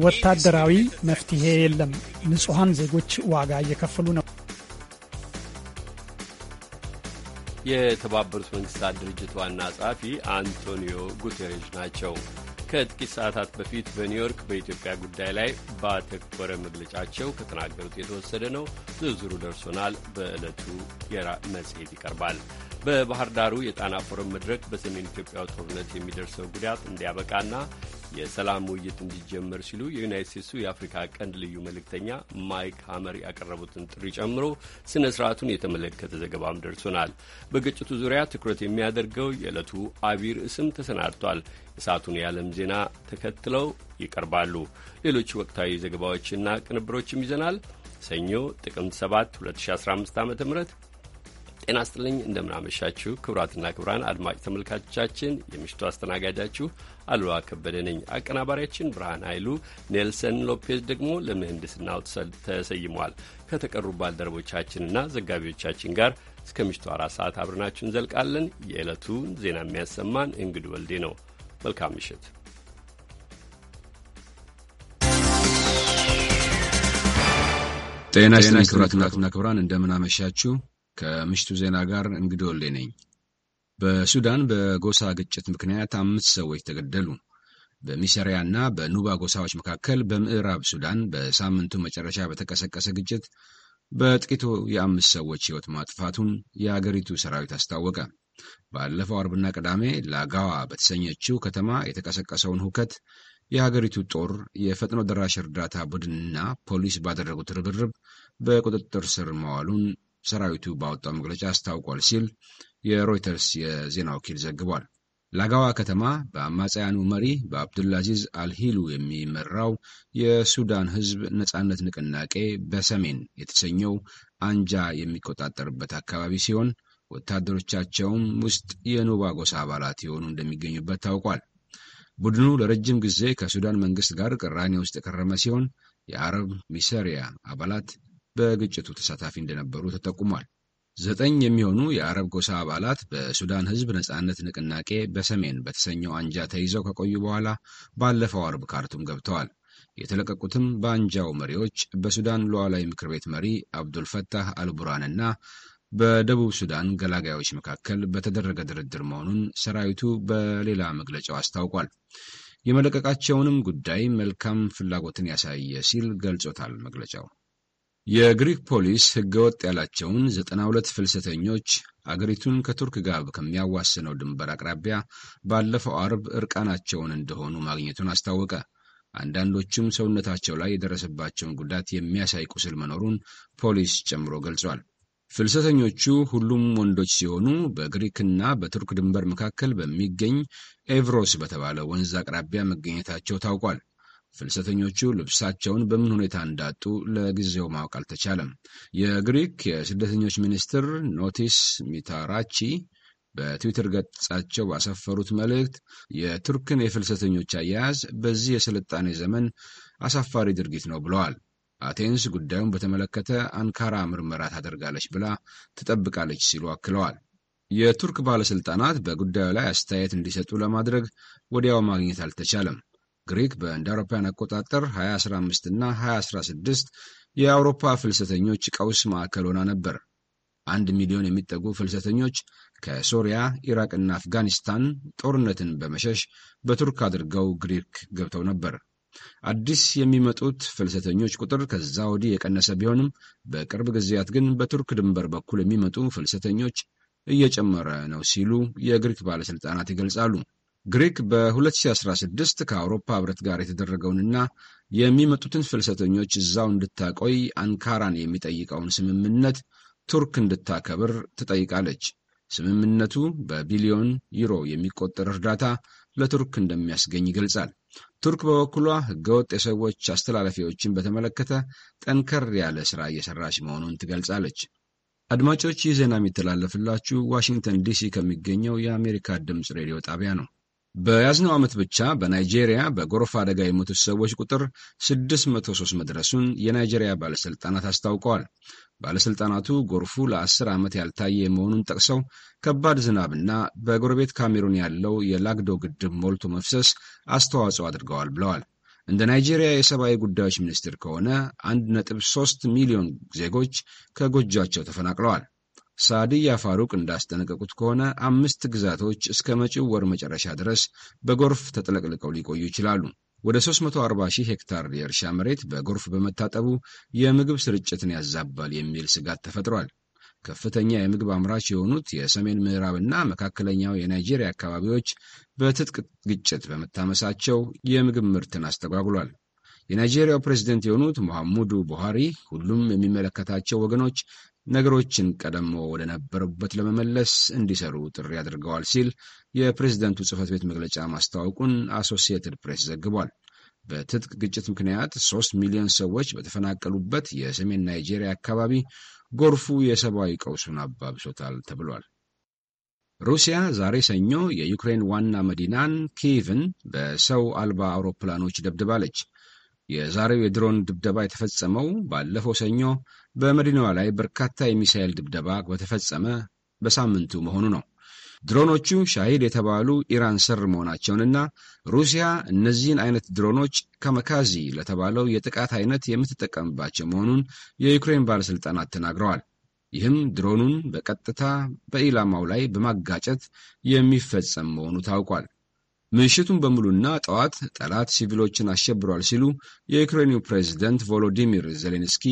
ወታደራዊ መፍትሄ የለም። ንጹሐን ዜጎች ዋጋ እየከፈሉ ነው። የተባበሩት መንግስታት ድርጅት ዋና ጸሐፊ አንቶኒዮ ጉቴሬሽ ናቸው። ከጥቂት ሰዓታት በፊት በኒውዮርክ በኢትዮጵያ ጉዳይ ላይ ባተኮረ መግለጫቸው ከተናገሩት የተወሰደ ነው። ዝርዝሩ ደርሶናል። በዕለቱ የራ መጽሔት ይቀርባል። በባህር ዳሩ የጣና ፎረም መድረክ በሰሜን ኢትዮጵያው ጦርነት የሚደርሰው ጉዳት እንዲያበቃና የሰላም ውይይት እንዲጀመር ሲሉ የዩናይት ስቴትሱ የአፍሪካ ቀንድ ልዩ መልእክተኛ ማይክ ሀመር ያቀረቡትን ጥሪ ጨምሮ ስነ ስርዓቱን የተመለከተ ዘገባም ደርሶናል። በግጭቱ ዙሪያ ትኩረት የሚያደርገው የዕለቱ አቢይ ርዕስም ተሰናድቷል። የሰዓቱን የዓለም ዜና ተከትለው ይቀርባሉ። ሌሎች ወቅታዊ ዘገባዎችና ቅንብሮችም ይዘናል። ሰኞ ጥቅምት 7 2015 ዓ ም ጤና ስጥልኝ እንደምናመሻችሁ ክቡራትና ክቡራን አድማጭ ተመልካቾቻችን የምሽቱ አስተናጋጃችሁ አሉላ ከበደ ነኝ። አቀናባሪያችን ብርሃን ኃይሉ፣ ኔልሰን ሎፔዝ ደግሞ ለምህንድስናው ተሰይሟል። ከተቀሩ ባልደረቦቻችንና ዘጋቢዎቻችን ጋር እስከ ምሽቱ አራት ሰዓት አብረናችሁ እንዘልቃለን። የዕለቱን ዜና የሚያሰማን እንግድ ወልዴ ነው። መልካም ምሽት። ጤና ይስጥልኝ ክቡራትና ክቡራን፣ እንደምን አመሻችሁ። ከምሽቱ ዜና ጋር እንግድ ወልዴ ነኝ። በሱዳን በጎሳ ግጭት ምክንያት አምስት ሰዎች ተገደሉ። በሚሰሪያ ና በኑባ ጎሳዎች መካከል በምዕራብ ሱዳን በሳምንቱ መጨረሻ በተቀሰቀሰ ግጭት በጥቂቱ የአምስት ሰዎች ሕይወት ማጥፋቱን የአገሪቱ ሰራዊት አስታወቀ። ባለፈው አርብና ቅዳሜ ላጋዋ በተሰኘችው ከተማ የተቀሰቀሰውን ሁከት የሀገሪቱ ጦር የፈጥኖ ደራሽ እርዳታ ቡድንና ፖሊስ ባደረጉት ርብርብ በቁጥጥር ስር መዋሉን ሰራዊቱ ባወጣው መግለጫ አስታውቋል ሲል የሮይተርስ የዜና ወኪል ዘግቧል። ላጋዋ ከተማ በአማጽያኑ መሪ በአብዱልአዚዝ አልሂሉ የሚመራው የሱዳን ሕዝብ ነጻነት ንቅናቄ በሰሜን የተሰኘው አንጃ የሚቆጣጠርበት አካባቢ ሲሆን ወታደሮቻቸውም ውስጥ የኑባ ጎሳ አባላት የሆኑ እንደሚገኙበት ታውቋል። ቡድኑ ለረጅም ጊዜ ከሱዳን መንግስት ጋር ቅራኔ ውስጥ የከረመ ሲሆን የአረብ ሚሰሪያ አባላት በግጭቱ ተሳታፊ እንደነበሩ ተጠቁሟል። ዘጠኝ የሚሆኑ የአረብ ጎሳ አባላት በሱዳን ሕዝብ ነጻነት ንቅናቄ በሰሜን በተሰኘው አንጃ ተይዘው ከቆዩ በኋላ ባለፈው አርብ ካርቱም ገብተዋል። የተለቀቁትም በአንጃው መሪዎች በሱዳን ሉዓላዊ ምክር ቤት መሪ አብዱልፈታህ አልቡራን እና በደቡብ ሱዳን ገላጋዮች መካከል በተደረገ ድርድር መሆኑን ሰራዊቱ በሌላ መግለጫው አስታውቋል። የመለቀቃቸውንም ጉዳይ መልካም ፍላጎትን ያሳየ ሲል ገልጾታል መግለጫው። የግሪክ ፖሊስ ሕገወጥ ያላቸውን ዘጠና ፍልሰተኞች አገሪቱን ከቱርክ ጋር ከሚያዋስነው ድንበር አቅራቢያ ባለፈው አርብ እርቃናቸውን እንደሆኑ ማግኘቱን አስታወቀ። አንዳንዶቹም ሰውነታቸው ላይ የደረሰባቸውን ጉዳት የሚያሳይ ቁስል መኖሩን ፖሊስ ጨምሮ ገልጿል። ፍልሰተኞቹ ሁሉም ወንዶች ሲሆኑ በግሪክና በቱርክ ድንበር መካከል በሚገኝ ኤቭሮስ በተባለ ወንዝ አቅራቢያ መገኘታቸው ታውቋል። ፍልሰተኞቹ ልብሳቸውን በምን ሁኔታ እንዳጡ ለጊዜው ማወቅ አልተቻለም። የግሪክ የስደተኞች ሚኒስትር ኖቲስ ሚታራቺ በትዊተር ገጻቸው ባሰፈሩት መልእክት የቱርክን የፍልሰተኞች አያያዝ በዚህ የስልጣኔ ዘመን አሳፋሪ ድርጊት ነው ብለዋል። አቴንስ ጉዳዩን በተመለከተ አንካራ ምርመራ ታደርጋለች ብላ ትጠብቃለች ሲሉ አክለዋል። የቱርክ ባለሥልጣናት በጉዳዩ ላይ አስተያየት እንዲሰጡ ለማድረግ ወዲያው ማግኘት አልተቻለም። ግሪክ በእንደ አውሮፓውያን አቆጣጠር 2015 እና 2016 የአውሮፓ ፍልሰተኞች ቀውስ ማዕከል ሆና ነበር። አንድ ሚሊዮን የሚጠጉ ፍልሰተኞች ከሶሪያ፣ ኢራቅና አፍጋኒስታን ጦርነትን በመሸሽ በቱርክ አድርገው ግሪክ ገብተው ነበር። አዲስ የሚመጡት ፍልሰተኞች ቁጥር ከዛ ወዲህ የቀነሰ ቢሆንም በቅርብ ጊዜያት ግን በቱርክ ድንበር በኩል የሚመጡ ፍልሰተኞች እየጨመረ ነው ሲሉ የግሪክ ባለሥልጣናት ይገልጻሉ። ግሪክ በ2016 ከአውሮፓ ህብረት ጋር የተደረገውንና የሚመጡትን ፍልሰተኞች እዛው እንድታቆይ አንካራን የሚጠይቀውን ስምምነት ቱርክ እንድታከብር ትጠይቃለች። ስምምነቱ በቢሊዮን ዩሮ የሚቆጠር እርዳታ ለቱርክ እንደሚያስገኝ ይገልጻል። ቱርክ በበኩሏ ህገወጥ የሰዎች አስተላለፊዎችን በተመለከተ ጠንከር ያለ ሥራ እየሠራች መሆኑን ትገልጻለች። አድማጮች ይህ ዜና የሚተላለፍላችሁ ዋሽንግተን ዲሲ ከሚገኘው የአሜሪካ ድምፅ ሬዲዮ ጣቢያ ነው። በያዝነው ዓመት ብቻ በናይጄሪያ በጎርፍ አደጋ የሞቱት ሰዎች ቁጥር 603 መድረሱን የናይጄሪያ ባለሥልጣናት አስታውቀዋል። ባለሥልጣናቱ ጎርፉ ለአስር ዓመት ያልታየ መሆኑን ጠቅሰው ከባድ ዝናብና በጎረቤት ካሜሩን ያለው የላግዶ ግድብ ሞልቶ መፍሰስ አስተዋጽኦ አድርገዋል ብለዋል። እንደ ናይጄሪያ የሰብአዊ ጉዳዮች ሚኒስትር ከሆነ 1.3 ሚሊዮን ዜጎች ከጎጇቸው ተፈናቅለዋል። ሳዕድያ ፋሩቅ እንዳስጠነቀቁት ከሆነ አምስት ግዛቶች እስከ መጪው ወር መጨረሻ ድረስ በጎርፍ ተጥለቅልቀው ሊቆዩ ይችላሉ። ወደ 340 ሺህ ሄክታር የእርሻ መሬት በጎርፍ በመታጠቡ የምግብ ስርጭትን ያዛባል የሚል ስጋት ተፈጥሯል። ከፍተኛ የምግብ አምራች የሆኑት የሰሜን ምዕራብና መካከለኛው የናይጄሪያ አካባቢዎች በትጥቅ ግጭት በመታመሳቸው የምግብ ምርትን አስተጓጉሏል። የናይጄሪያው ፕሬዝደንት የሆኑት መሐሙዱ ቡሃሪ ሁሉም የሚመለከታቸው ወገኖች ነገሮችን ቀደም ወደ ነበሩበት ለመመለስ እንዲሰሩ ጥሪ አድርገዋል ሲል የፕሬዝደንቱ ጽህፈት ቤት መግለጫ ማስታወቁን አሶሲየትድ ፕሬስ ዘግቧል። በትጥቅ ግጭት ምክንያት ሶስት ሚሊዮን ሰዎች በተፈናቀሉበት የሰሜን ናይጄሪያ አካባቢ ጎርፉ የሰብአዊ ቀውሱን አባብሶታል ተብሏል። ሩሲያ ዛሬ ሰኞ የዩክሬን ዋና መዲናን ኪቭን በሰው አልባ አውሮፕላኖች ደብድባለች። የዛሬው የድሮን ድብደባ የተፈጸመው ባለፈው ሰኞ በመዲናዋ ላይ በርካታ የሚሳኤል ድብደባ በተፈጸመ በሳምንቱ መሆኑ ነው። ድሮኖቹ ሻሂድ የተባሉ ኢራን ስር መሆናቸውንና ሩሲያ እነዚህን አይነት ድሮኖች ከመካዚ ለተባለው የጥቃት አይነት የምትጠቀምባቸው መሆኑን የዩክሬን ባለሥልጣናት ተናግረዋል። ይህም ድሮኑን በቀጥታ በኢላማው ላይ በማጋጨት የሚፈጸም መሆኑ ታውቋል። ምሽቱን በሙሉና ጠዋት ጠላት ሲቪሎችን አሸብሯል ሲሉ የዩክሬኑ ፕሬዚደንት ቮሎዲሚር ዜሌንስኪ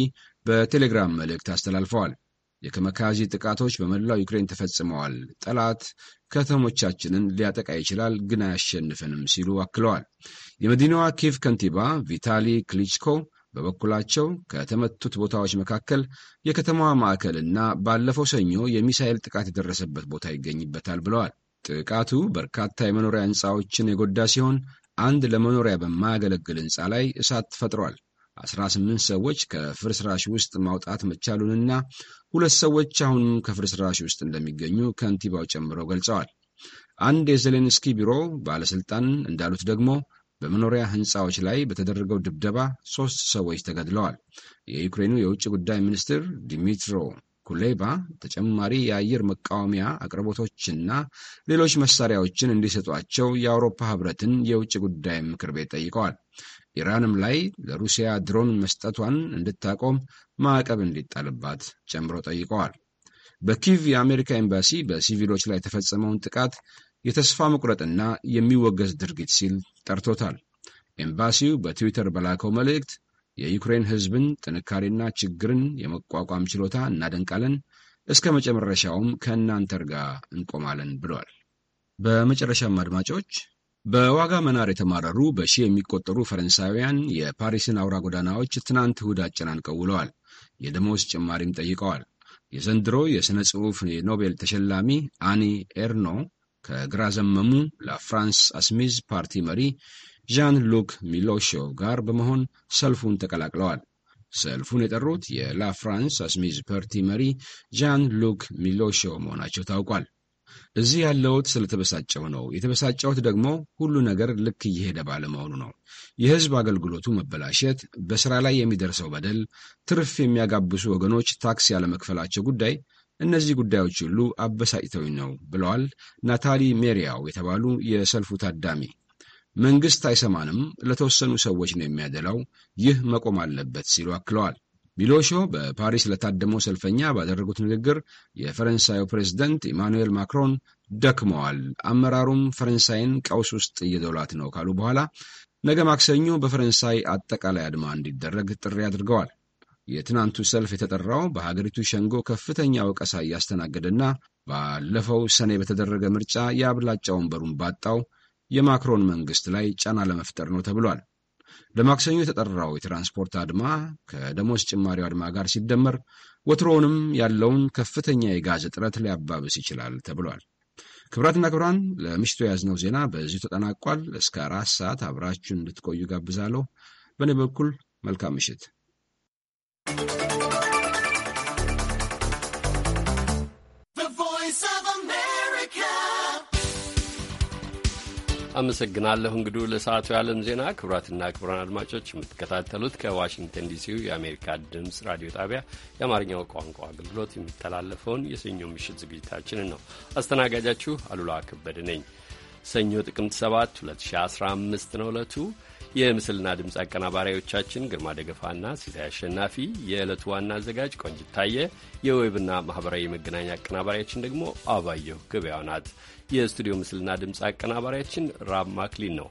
በቴሌግራም መልእክት አስተላልፈዋል። የከመካዚ ጥቃቶች በመላው ዩክሬን ተፈጽመዋል። ጠላት ከተሞቻችንን ሊያጠቃ ይችላል፣ ግን አያሸንፍንም ሲሉ አክለዋል። የመዲናዋ ኪቭ ከንቲባ ቪታሊ ክሊችኮ በበኩላቸው ከተመቱት ቦታዎች መካከል የከተማዋ ማዕከል እና ባለፈው ሰኞ የሚሳኤል ጥቃት የደረሰበት ቦታ ይገኝበታል ብለዋል። ጥቃቱ በርካታ የመኖሪያ ሕንፃዎችን የጎዳ ሲሆን አንድ ለመኖሪያ በማያገለግል ሕንፃ ላይ እሳት ፈጥሯል። 18 ሰዎች ከፍርስራሽ ውስጥ ማውጣት መቻሉንና ሁለት ሰዎች አሁንም ከፍርስራሽ ውስጥ እንደሚገኙ ከንቲባው ጨምረው ገልጸዋል። አንድ የዜሌንስኪ ቢሮ ባለሥልጣን እንዳሉት ደግሞ በመኖሪያ ሕንፃዎች ላይ በተደረገው ድብደባ ሦስት ሰዎች ተገድለዋል። የዩክሬኑ የውጭ ጉዳይ ሚኒስትር ዲሚትሮ ኩሌባ ተጨማሪ የአየር መቃወሚያ አቅርቦቶችና ሌሎች መሳሪያዎችን እንዲሰጧቸው የአውሮፓ ህብረትን የውጭ ጉዳይ ምክር ቤት ጠይቀዋል። ኢራንም ላይ ለሩሲያ ድሮን መስጠቷን እንድታቆም ማዕቀብ እንዲጣልባት ጨምሮ ጠይቀዋል። በኪቭ የአሜሪካ ኤምባሲ በሲቪሎች ላይ የተፈጸመውን ጥቃት የተስፋ መቁረጥና የሚወገዝ ድርጊት ሲል ጠርቶታል። ኤምባሲው በትዊተር በላከው መልእክት የዩክሬን ሕዝብን ጥንካሬና ችግርን የመቋቋም ችሎታ እናደንቃለን፣ እስከ መጨረሻውም ከእናንተ ጋር እንቆማለን ብሏል። በመጨረሻም አድማጮች በዋጋ መናር የተማረሩ በሺህ የሚቆጠሩ ፈረንሳውያን የፓሪስን አውራ ጎዳናዎች ትናንት እሁድ አጨናንቀው ውለዋል። የደሞዝ ጭማሪም ጠይቀዋል። የዘንድሮ የሥነ ጽሑፍ የኖቤል ተሸላሚ አኒ ኤርኖ ከግራ ዘመሙ ለፍራንስ አስሚዝ ፓርቲ መሪ ዣን ሉክ ሚሎሾ ጋር በመሆን ሰልፉን ተቀላቅለዋል። ሰልፉን የጠሩት የላ ፍራንስ አስሚዝ ፓርቲ መሪ ዣን ሉክ ሚሎሾ መሆናቸው ታውቋል። እዚህ ያለሁት ስለተበሳጨሁ ነው። የተበሳጨሁት ደግሞ ሁሉ ነገር ልክ እየሄደ ባለመሆኑ ነው። የህዝብ አገልግሎቱ መበላሸት፣ በስራ ላይ የሚደርሰው በደል፣ ትርፍ የሚያጋብሱ ወገኖች ታክስ ያለመክፈላቸው ጉዳይ እነዚህ ጉዳዮች ሁሉ አበሳጭተውኝ ነው ብለዋል ናታሊ ሜሪያው የተባሉ የሰልፉ ታዳሚ። መንግስት አይሰማንም፣ ለተወሰኑ ሰዎች ነው የሚያደላው። ይህ መቆም አለበት ሲሉ አክለዋል። ቢሎሾ በፓሪስ ለታደመው ሰልፈኛ ባደረጉት ንግግር የፈረንሳዩ ፕሬዝደንት ኢማኑኤል ማክሮን ደክመዋል፣ አመራሩም ፈረንሳይን ቀውስ ውስጥ እየዶላት ነው ካሉ በኋላ ነገ ማክሰኞ በፈረንሳይ አጠቃላይ አድማ እንዲደረግ ጥሪ አድርገዋል። የትናንቱ ሰልፍ የተጠራው በሀገሪቱ ሸንጎ ከፍተኛ ወቀሳ እያስተናገደና ባለፈው ሰኔ በተደረገ ምርጫ የአብላጫ ወንበሩን ባጣው የማክሮን መንግስት ላይ ጫና ለመፍጠር ነው ተብሏል። ለማክሰኞ የተጠራው የትራንስፖርት አድማ ከደሞዝ ጭማሪው አድማ ጋር ሲደመር ወትሮውንም ያለውን ከፍተኛ የጋዝ እጥረት ሊያባብስ ይችላል ተብሏል። ክብራትና ክብራን ለምሽቱ የያዝነው ዜና በዚሁ ተጠናቋል። እስከ አራት ሰዓት አብራችሁን እንድትቆዩ ጋብዛለሁ። በእኔ በኩል መልካም ምሽት። አመሰግናለሁ እንግዱ ለሰዓቱ የዓለም ዜና። ክቡራትና ክቡራን አድማጮች የምትከታተሉት ከዋሽንግተን ዲሲው የአሜሪካ ድምፅ ራዲዮ ጣቢያ የአማርኛው ቋንቋ አገልግሎት የሚተላለፈውን የሰኞ ምሽት ዝግጅታችንን ነው። አስተናጋጃችሁ አሉላ ከበደ ነኝ። ሰኞ ጥቅምት 7 2015 ነው ዕለቱ። የምስልና ድምፅ አቀናባሪዎቻችን ግርማ ደገፋና ሲሳይ አሸናፊ፣ የዕለቱ ዋና አዘጋጅ ቆንጅታየ፣ የዌብና ማኅበራዊ መገናኛ አቀናባሪያችን ደግሞ አባየሁ ገበያው ናት። የስቱዲዮ ምስልና ድምፅ አቀናባሪያችን ራብ ማክሊን ነው።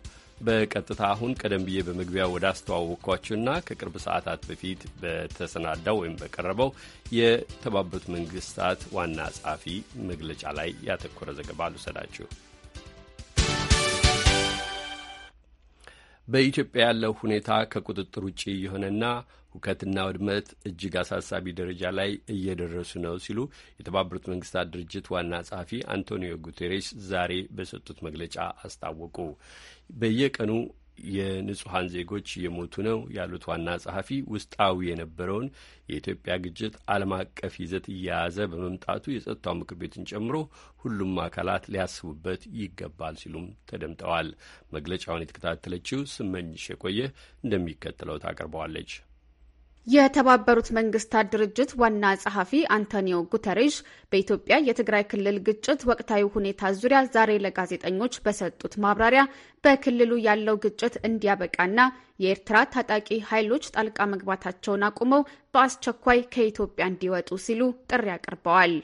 በቀጥታ አሁን ቀደም ብዬ በመግቢያ ወደ አስተዋወቅኳችሁና ከቅርብ ሰዓታት በፊት በተሰናዳው ወይም በቀረበው የተባበሩት መንግስታት ዋና ጸሐፊ መግለጫ ላይ ያተኮረ ዘገባ ልውሰዳችሁ። በኢትዮጵያ ያለው ሁኔታ ከቁጥጥር ውጭ የሆነና ሁከትና ውድመት እጅግ አሳሳቢ ደረጃ ላይ እየደረሱ ነው ሲሉ የተባበሩት መንግስታት ድርጅት ዋና ጸሐፊ አንቶኒዮ ጉቴሬስ ዛሬ በሰጡት መግለጫ አስታወቁ። በየቀኑ የንጹሐን ዜጎች እየሞቱ ነው ያሉት ዋና ጸሐፊ ውስጣዊ የነበረውን የኢትዮጵያ ግጭት ዓለም አቀፍ ይዘት እየያዘ በመምጣቱ የጸጥታው ምክር ቤትን ጨምሮ ሁሉም አካላት ሊያስቡበት ይገባል ሲሉም ተደምጠዋል። መግለጫውን የተከታተለችው ስመኝሽ የቆየ እንደሚከተለው ታቀርበዋለች። የተባበሩት መንግስታት ድርጅት ዋና ጸሐፊ አንቶኒዮ ጉተሬሽ በኢትዮጵያ የትግራይ ክልል ግጭት ወቅታዊ ሁኔታ ዙሪያ ዛሬ ለጋዜጠኞች በሰጡት ማብራሪያ በክልሉ ያለው ግጭት እንዲያበቃና የኤርትራ ታጣቂ ኃይሎች ጣልቃ መግባታቸውን አቁመው በአስቸኳይ ከኢትዮጵያ እንዲወጡ ሲሉ ጥሪ አቅርበዋል።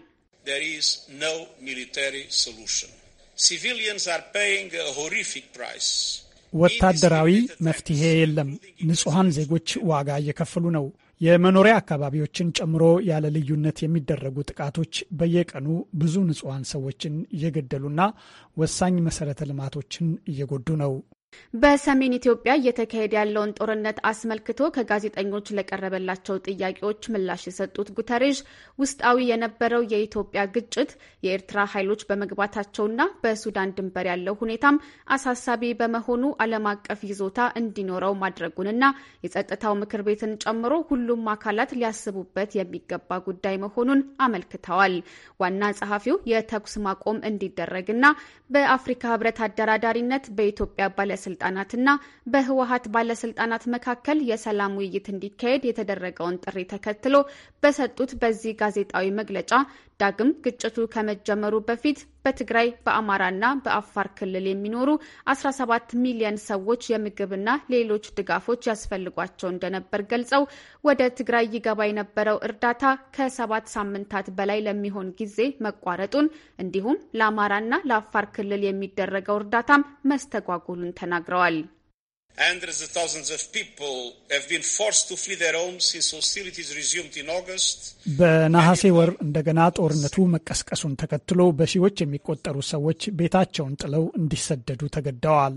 ሲቪሊየንስ አር ፔይንግ ሆሪፊክ ፕራይስ ወታደራዊ መፍትሄ የለም። ንጹሐን ዜጎች ዋጋ እየከፈሉ ነው። የመኖሪያ አካባቢዎችን ጨምሮ ያለ ልዩነት የሚደረጉ ጥቃቶች በየቀኑ ብዙ ንጹሐን ሰዎችን እየገደሉና ወሳኝ መሰረተ ልማቶችን እየጎዱ ነው። በሰሜን ኢትዮጵያ እየተካሄደ ያለውን ጦርነት አስመልክቶ ከጋዜጠኞች ለቀረበላቸው ጥያቄዎች ምላሽ የሰጡት ጉተሬዥ ውስጣዊ የነበረው የኢትዮጵያ ግጭት የኤርትራ ኃይሎች በመግባታቸውና በሱዳን ድንበር ያለው ሁኔታም አሳሳቢ በመሆኑ ዓለም አቀፍ ይዞታ እንዲኖረው ማድረጉንና የጸጥታው ምክር ቤትን ጨምሮ ሁሉም አካላት ሊያስቡበት የሚገባ ጉዳይ መሆኑን አመልክተዋል። ዋና ጸሐፊው የተኩስ ማቆም እንዲደረግና በአፍሪካ ሕብረት አደራዳሪነት በኢትዮጵያ ባለ ባለስልጣናትና በህወሀት ባለስልጣናት መካከል የሰላም ውይይት እንዲካሄድ የተደረገውን ጥሪ ተከትሎ በሰጡት በዚህ ጋዜጣዊ መግለጫ ዳግም ግጭቱ ከመጀመሩ በፊት በትግራይ በአማራና በአፋር ክልል የሚኖሩ 17 ሚሊዮን ሰዎች የምግብና ሌሎች ድጋፎች ያስፈልጓቸው እንደነበር ገልጸው ወደ ትግራይ ይገባ የነበረው እርዳታ ከሰባት ሳምንታት በላይ ለሚሆን ጊዜ መቋረጡን እንዲሁም ለአማራና ለአፋር ክልል የሚደረገው እርዳታም መስተጓጉሉን ተናግረዋል። Hundreds of thousands of people have been forced to flee their homes since hostilities resumed in August. በነሐሴ ወር እንደገና ጦርነቱ መቀስቀሱን ተከትሎ በሺዎች የሚቆጠሩ ሰዎች ቤታቸውን ጥለው እንዲሰደዱ ተገደዋል።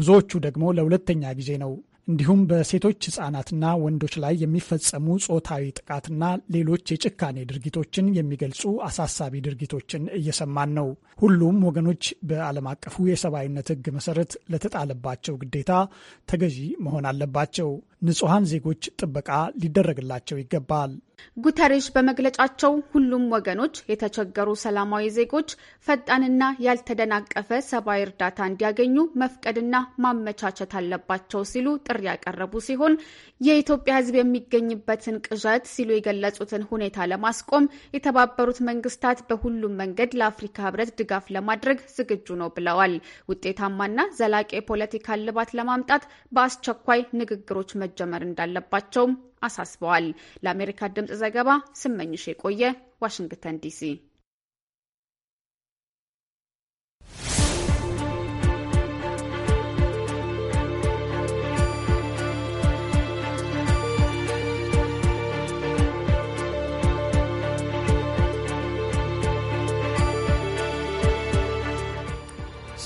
ብዙዎቹ ደግሞ ለሁለተኛ ጊዜ ነው እንዲሁም በሴቶች ህጻናትና ወንዶች ላይ የሚፈጸሙ ጾታዊ ጥቃትና ሌሎች የጭካኔ ድርጊቶችን የሚገልጹ አሳሳቢ ድርጊቶችን እየሰማን ነው። ሁሉም ወገኖች በዓለም አቀፉ የሰብአዊነት ህግ መሰረት ለተጣለባቸው ግዴታ ተገዢ መሆን አለባቸው። ንጹሐን ዜጎች ጥበቃ ሊደረግላቸው ይገባል። ጉተሬሽ በመግለጫቸው ሁሉም ወገኖች የተቸገሩ ሰላማዊ ዜጎች ፈጣንና ያልተደናቀፈ ሰብአዊ እርዳታ እንዲያገኙ መፍቀድና ማመቻቸት አለባቸው ሲሉ ጥሪ ያቀረቡ ሲሆን የኢትዮጵያ ሕዝብ የሚገኝበትን ቅዠት ሲሉ የገለጹትን ሁኔታ ለማስቆም የተባበሩት መንግስታት በሁሉም መንገድ ለአፍሪካ ህብረት ድጋፍ ለማድረግ ዝግጁ ነው ብለዋል። ውጤታማና ዘላቂ የፖለቲካ እልባት ለማምጣት በአስቸኳይ ንግግሮች መጀመር እንዳለባቸውም አሳስበዋል። ለአሜሪካ ድምጽ ዘገባ ስመኝሽ የቆየ ዋሽንግተን ዲሲ።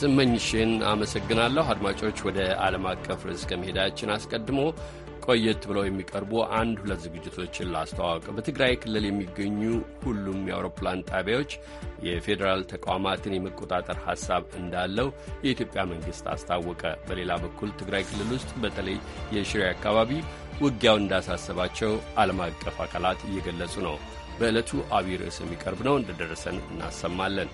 ስመኝሽን አመሰግናለሁ። አድማጮች ወደ ዓለም አቀፍ ርዕስ ከመሄዳችን አስቀድሞ ቆየት ብለው የሚቀርቡ አንድ ሁለት ዝግጅቶችን ላስተዋወቅ። በትግራይ ክልል የሚገኙ ሁሉም የአውሮፕላን ጣቢያዎች የፌዴራል ተቋማትን የመቆጣጠር ሀሳብ እንዳለው የኢትዮጵያ መንግስት አስታወቀ። በሌላ በኩል ትግራይ ክልል ውስጥ በተለይ የሽሬ አካባቢ ውጊያው እንዳሳሰባቸው ዓለም አቀፍ አካላት እየገለጹ ነው። በዕለቱ አብይ ርዕስ የሚቀርብ ነው፣ እንደደረሰን እናሰማለን።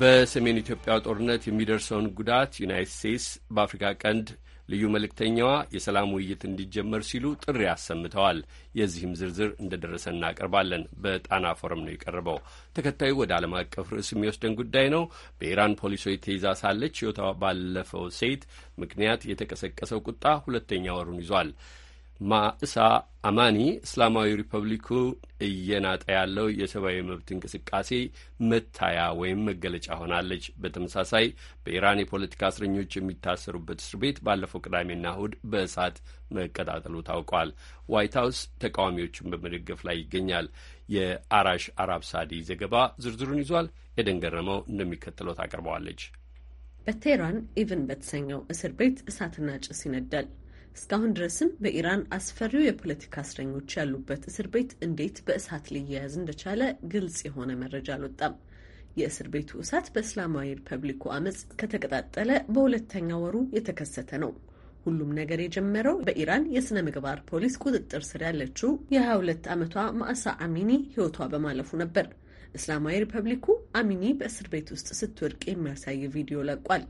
በሰሜን ኢትዮጵያ ጦርነት የሚደርሰውን ጉዳት ዩናይትድ ስቴትስ በአፍሪካ ቀንድ ልዩ መልእክተኛዋ የሰላም ውይይት እንዲጀመር ሲሉ ጥሪ አሰምተዋል። የዚህም ዝርዝር እንደደረሰ እናቀርባለን። በጣና ፎረም ነው የቀረበው። ተከታዩ ወደ ዓለም አቀፍ ርዕስ የሚወስደን ጉዳይ ነው። በኢራን ፖሊሶች ተይዛ ሳለች ሕይወቷ ባለፈው ሴት ምክንያት የተቀሰቀሰው ቁጣ ሁለተኛ ወሩን ይዟል። ማእሳ አማኒ እስላማዊ ሪፐብሊኩ እየናጠ ያለው የሰብአዊ መብት እንቅስቃሴ መታያ ወይም መገለጫ ሆናለች። በተመሳሳይ በኢራን የፖለቲካ እስረኞች የሚታሰሩበት እስር ቤት ባለፈው ቅዳሜና እሁድ በእሳት መቀጣጠሉ ታውቋል። ዋይት ሀውስ ተቃዋሚዎችን በመደገፍ ላይ ይገኛል። የአራሽ አራብ ሳዲ ዘገባ ዝርዝሩን ይዟል። ኤደን ገረመው እንደሚከተለው ታቀርበዋለች። በቴህራን ኢቭን በተሰኘው እስር ቤት እሳትና ጭስ ይነዳል። እስካሁን ድረስም በኢራን አስፈሪው የፖለቲካ እስረኞች ያሉበት እስር ቤት እንዴት በእሳት ሊያያዝ እንደቻለ ግልጽ የሆነ መረጃ አልወጣም። የእስር ቤቱ እሳት በእስላማዊ ሪፐብሊኩ አመፅ ከተቀጣጠለ በሁለተኛ ወሩ የተከሰተ ነው። ሁሉም ነገር የጀመረው በኢራን የሥነ ምግባር ፖሊስ ቁጥጥር ስር ያለችው የ22 ዓመቷ ማዕሳ አሚኒ ሕይወቷ በማለፉ ነበር። እስላማዊ ሪፐብሊኩ አሚኒ በእስር ቤት ውስጥ ስትወድቅ የሚያሳይ ቪዲዮ ለቋል።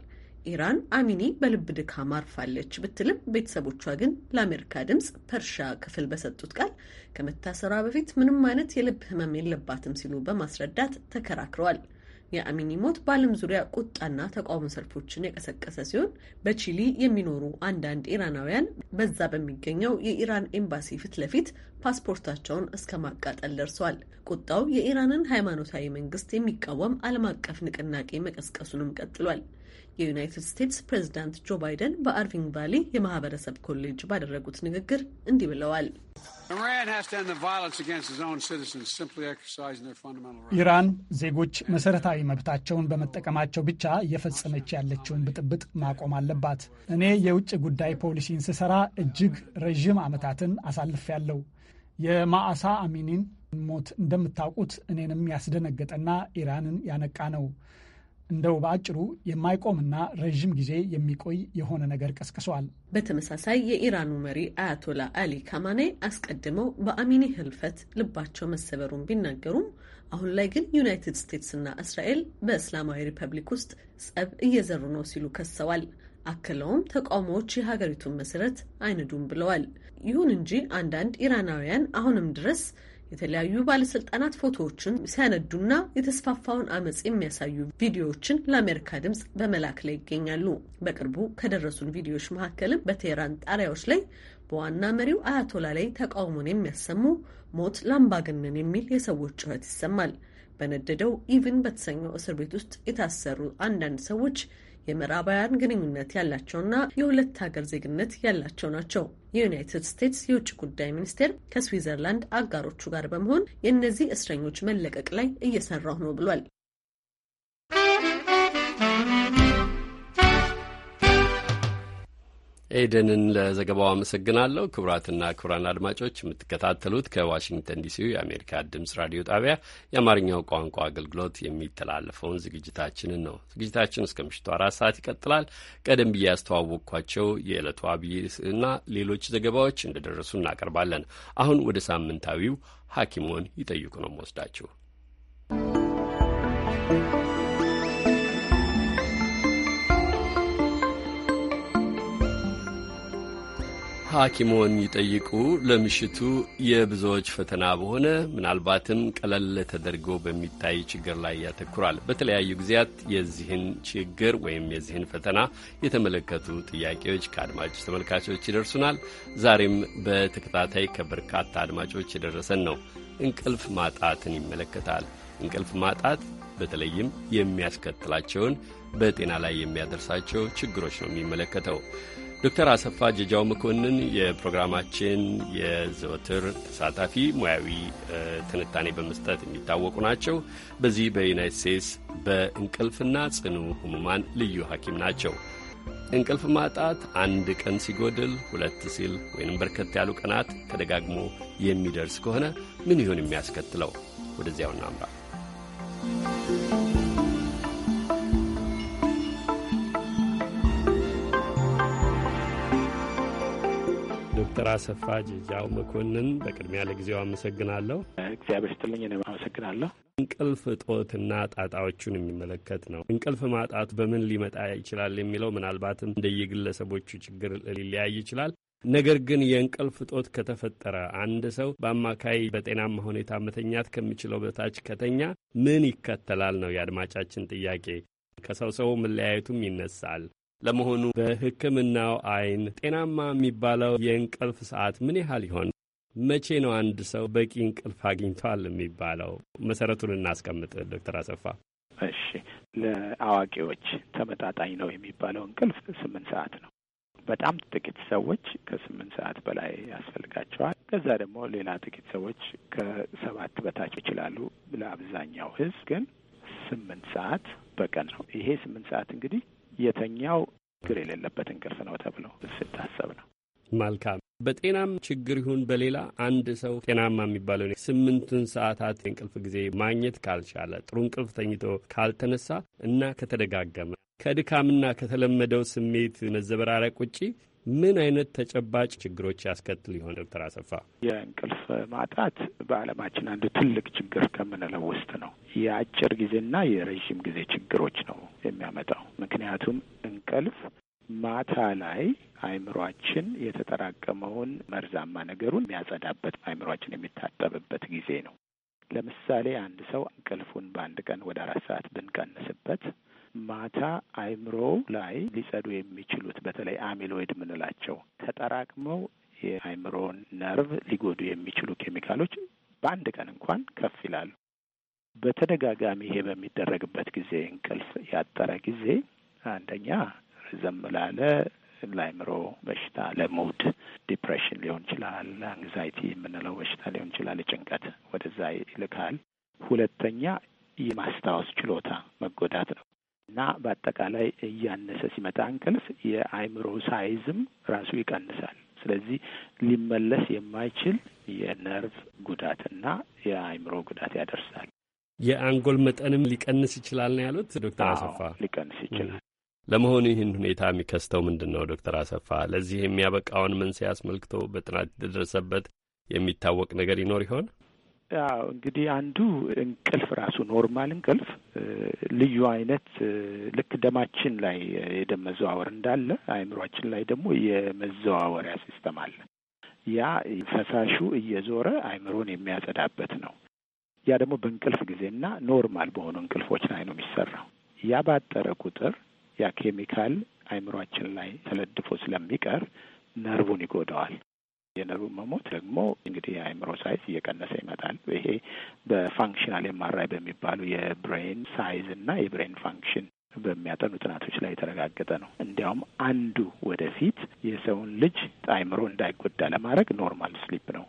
ኢራን አሚኒ በልብ ድካም አርፋለች ብትልም ቤተሰቦቿ ግን ለአሜሪካ ድምፅ ፐርሻ ክፍል በሰጡት ቃል ከመታሰሯ በፊት ምንም አይነት የልብ ህመም የለባትም ሲሉ በማስረዳት ተከራክረዋል። የአሚኒ ሞት በዓለም ዙሪያ ቁጣና ተቃውሞ ሰልፎችን የቀሰቀሰ ሲሆን በቺሊ የሚኖሩ አንዳንድ ኢራናውያን በዛ በሚገኘው የኢራን ኤምባሲ ፊት ለፊት ፓስፖርታቸውን እስከ ማቃጠል ደርሰዋል። ቁጣው የኢራንን ሃይማኖታዊ መንግስት የሚቃወም ዓለም አቀፍ ንቅናቄ መቀስቀሱንም ቀጥሏል። የዩናይትድ ስቴትስ ፕሬዚዳንት ጆ ባይደን በአርቪንግ ቫሊ የማህበረሰብ ኮሌጅ ባደረጉት ንግግር እንዲህ ብለዋል። ኢራን ዜጎች መሰረታዊ መብታቸውን በመጠቀማቸው ብቻ እየፈጸመች ያለችውን ብጥብጥ ማቆም አለባት። እኔ የውጭ ጉዳይ ፖሊሲን ስሰራ እጅግ ረዥም ዓመታትን አሳልፌያለሁ። የማዕሳ አሚኒን ሞት እንደምታውቁት እኔንም ያስደነገጠና ኢራንን ያነቃ ነው። እንደው በአጭሩ የማይቆምና ረዥም ጊዜ የሚቆይ የሆነ ነገር ቀስቅሷል። በተመሳሳይ የኢራኑ መሪ አያቶላ አሊ ካማኔ አስቀድመው በአሚኒ ህልፈት ልባቸው መሰበሩን ቢናገሩም አሁን ላይ ግን ዩናይትድ ስቴትስና እስራኤል በእስላማዊ ሪፐብሊክ ውስጥ ጸብ እየዘሩ ነው ሲሉ ከሰዋል። አክለውም ተቃውሞዎች የሀገሪቱን መሰረት አይንዱም ብለዋል። ይሁን እንጂ አንዳንድ ኢራናውያን አሁንም ድረስ የተለያዩ ባለስልጣናት ፎቶዎችን ሲያነዱና የተስፋፋውን አመፅ የሚያሳዩ ቪዲዮዎችን ለአሜሪካ ድምፅ በመላክ ላይ ይገኛሉ። በቅርቡ ከደረሱን ቪዲዮዎች መካከልም በቴህራን ጣሪያዎች ላይ በዋና መሪው አያቶላ ላይ ተቃውሞን የሚያሰሙ ሞት ላምባገነን የሚል የሰዎች ጩኸት ይሰማል። በነደደው ኢቭን በተሰኘው እስር ቤት ውስጥ የታሰሩ አንዳንድ ሰዎች የምዕራባውያን ግንኙነት ያላቸውና የሁለት ሀገር ዜግነት ያላቸው ናቸው። የዩናይትድ ስቴትስ የውጭ ጉዳይ ሚኒስቴር ከስዊዘርላንድ አጋሮቹ ጋር በመሆን የእነዚህ እስረኞች መለቀቅ ላይ እየሰራሁ ነው ብሏል። ኤደንን ለዘገባው አመሰግናለሁ። ክቡራትና ክቡራን አድማጮች የምትከታተሉት ከዋሽንግተን ዲሲው የአሜሪካ ድምጽ ራዲዮ ጣቢያ የአማርኛው ቋንቋ አገልግሎት የሚተላለፈውን ዝግጅታችንን ነው። ዝግጅታችን እስከ ምሽቱ አራት ሰዓት ይቀጥላል። ቀደም ብዬ ያስተዋወቅኳቸው የዕለቱ አብይና ሌሎች ዘገባዎች እንደደረሱ እናቀርባለን። አሁን ወደ ሳምንታዊው ሐኪሞን ይጠይቁ ነው መወስዳችሁ ሐኪሞን ይጠይቁ ለምሽቱ የብዙዎች ፈተና በሆነ ምናልባትም ቀለል ተደርጎ በሚታይ ችግር ላይ ያተኩራል። በተለያዩ ጊዜያት የዚህን ችግር ወይም የዚህን ፈተና የተመለከቱ ጥያቄዎች ከአድማጭ ተመልካቾች ይደርሱናል። ዛሬም በተከታታይ ከበርካታ አድማጮች የደረሰን ነው። እንቅልፍ ማጣትን ይመለከታል። እንቅልፍ ማጣት በተለይም የሚያስከትላቸውን በጤና ላይ የሚያደርሳቸው ችግሮች ነው የሚመለከተው። ዶክተር አሰፋ ጀጃው መኮንን የፕሮግራማችን የዘወትር ተሳታፊ ሙያዊ ትንታኔ በመስጠት የሚታወቁ ናቸው። በዚህ በዩናይት ስቴትስ በእንቅልፍና ጽኑ ህሙማን ልዩ ሐኪም ናቸው። እንቅልፍ ማጣት አንድ ቀን ሲጎድል ሁለት ሲል ወይንም በርከት ያሉ ቀናት ተደጋግሞ የሚደርስ ከሆነ ምን ይሆን የሚያስከትለው? ወደዚያው እናምራ። ዶክተር አሰፋ ጀጃው መኮንን በቅድሚያ ለጊዜው አመሰግናለሁ። እግዚአብሔር ስትልኝ እኔም አመሰግናለሁ። እንቅልፍ እጦትና ጣጣዎቹን የሚመለከት ነው። እንቅልፍ ማጣት በምን ሊመጣ ይችላል የሚለው ምናልባትም እንደየግለሰቦቹ ችግር ሊለያይ ይችላል። ነገር ግን የእንቅልፍ እጦት ከተፈጠረ አንድ ሰው በአማካይ በጤናማ ሁኔታ መተኛት ከሚችለው በታች ከተኛ ምን ይከተላል ነው የአድማጫችን ጥያቄ። ከሰው ሰው መለያየቱም ይነሳል። ለመሆኑ በሕክምናው አይን ጤናማ የሚባለው የእንቅልፍ ሰዓት ምን ያህል ይሆን? መቼ ነው አንድ ሰው በቂ እንቅልፍ አግኝቷል የሚባለው? መሰረቱን እናስቀምጥ ዶክተር አሰፋ። እሺ፣ ለአዋቂዎች ተመጣጣኝ ነው የሚባለው እንቅልፍ ስምንት ሰዓት ነው። በጣም ጥቂት ሰዎች ከስምንት ሰዓት በላይ ያስፈልጋቸዋል። ከዛ ደግሞ ሌላ ጥቂት ሰዎች ከሰባት በታች ይችላሉ። ለአብዛኛው ህዝብ ግን ስምንት ሰዓት በቀን ነው። ይሄ ስምንት ሰዓት እንግዲህ የተኛው ችግር የሌለበት እንቅልፍ ነው ተብሎ ስታሰብ ነው። መልካም። በጤናም ችግር ይሁን በሌላ አንድ ሰው ጤናማ የሚባለው ስምንቱን ሰዓታት የእንቅልፍ ጊዜ ማግኘት ካልቻለ፣ ጥሩ እንቅልፍ ተኝቶ ካልተነሳ እና ከተደጋገመ ከድካምና ከተለመደው ስሜት መዘበራረቅ ውጪ ምን አይነት ተጨባጭ ችግሮች ያስከትል ይሆን? ዶክተር አሰፋ የእንቅልፍ ማጣት በዓለማችን አንዱ ትልቅ ችግር ከምንለው ውስጥ ነው። የአጭር ጊዜና የረዥም ጊዜ ችግሮች ነው የሚያመጣው። ምክንያቱም እንቅልፍ ማታ ላይ አእምሯችን የተጠራቀመውን መርዛማ ነገሩን የሚያጸዳበት አይምሯችን የሚታጠብበት ጊዜ ነው። ለምሳሌ አንድ ሰው እንቅልፉን በአንድ ቀን ወደ አራት ሰዓት ብንቀንስበት ማታ አይምሮ ላይ ሊጸዱ የሚችሉት በተለይ አሚሎይድ የምንላቸው ተጠራቅመው የአይምሮን ነርቭ ሊጎዱ የሚችሉ ኬሚካሎች በአንድ ቀን እንኳን ከፍ ይላሉ። በተደጋጋሚ ይሄ በሚደረግበት ጊዜ እንቅልፍ ያጠረ ጊዜ አንደኛ ዘምላለ ላለ ለአይምሮ በሽታ ለሙድ ዲፕሬሽን ሊሆን ይችላል፣ አንግዛይቲ የምንለው በሽታ ሊሆን ይችላል፣ ጭንቀት ወደዛ ይልካል። ሁለተኛ የማስታወስ ችሎታ መጎዳት ነው። እና በአጠቃላይ እያነሰ ሲመጣ እንቅልፍ የአእምሮ ሳይዝም ራሱ ይቀንሳል። ስለዚህ ሊመለስ የማይችል የነርቭ ጉዳትና የአእምሮ ጉዳት ያደርሳል። የአንጎል መጠንም ሊቀንስ ይችላል ነው ያሉት ዶክተር አሰፋ። ሊቀንስ ይችላል። ለመሆኑ ይህን ሁኔታ የሚከስተው ምንድን ነው ዶክተር አሰፋ? ለዚህ የሚያበቃውን መንስኤ አስመልክቶ በጥናት የተደረሰበት የሚታወቅ ነገር ይኖር ይሆን? አዎ እንግዲህ አንዱ እንቅልፍ ራሱ ኖርማል እንቅልፍ ልዩ አይነት ልክ ደማችን ላይ የደም መዘዋወር እንዳለ አእምሯችን ላይ ደግሞ የመዘዋወሪያ ሲስተም አለ። ያ ፈሳሹ እየዞረ አእምሮን የሚያጸዳበት ነው። ያ ደግሞ በእንቅልፍ ጊዜና ኖርማል በሆኑ እንቅልፎች ላይ ነው የሚሰራው። ያ ባጠረ ቁጥር ያ ኬሚካል አእምሯችን ላይ ተለድፎ ስለሚቀር ነርቡን ይጎዳዋል። የነሩ መሞት ደግሞ እንግዲህ የአእምሮ ሳይዝ እየቀነሰ ይመጣል። ይሄ በፋንክሽናል የማራይ በሚባሉ የብሬን ሳይዝ እና የብሬን ፋንክሽን በሚያጠኑ ጥናቶች ላይ የተረጋገጠ ነው። እንዲያውም አንዱ ወደፊት የሰውን ልጅ አእምሮ እንዳይጎዳ ለማድረግ ኖርማል ስሊፕ ነው፣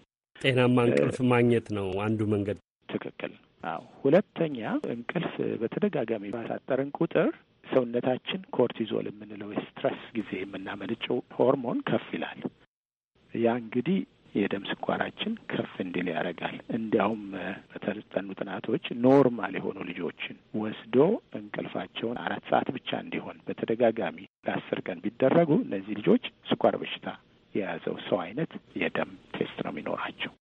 ጤናማ እንቅልፍ ማግኘት ነው አንዱ መንገድ። ትክክል። አዎ። ሁለተኛ እንቅልፍ በተደጋጋሚ ባሳጠርን ቁጥር ሰውነታችን ኮርቲዞል የምንለው የስትረስ ጊዜ የምናመነጨው ሆርሞን ከፍ ይላል። ያ እንግዲህ የደም ስኳራችን ከፍ እንዲል ያደርጋል። እንዲያውም በተጠኑ ጥናቶች ኖርማል የሆኑ ልጆችን ወስዶ እንቅልፋቸውን አራት ሰዓት ብቻ እንዲሆን በተደጋጋሚ ለአስር ቀን ቢደረጉ እነዚህ ልጆች ስኳር በሽታ የያዘው ሰው አይነት የደም ቴስት ነው የሚኖራቸው።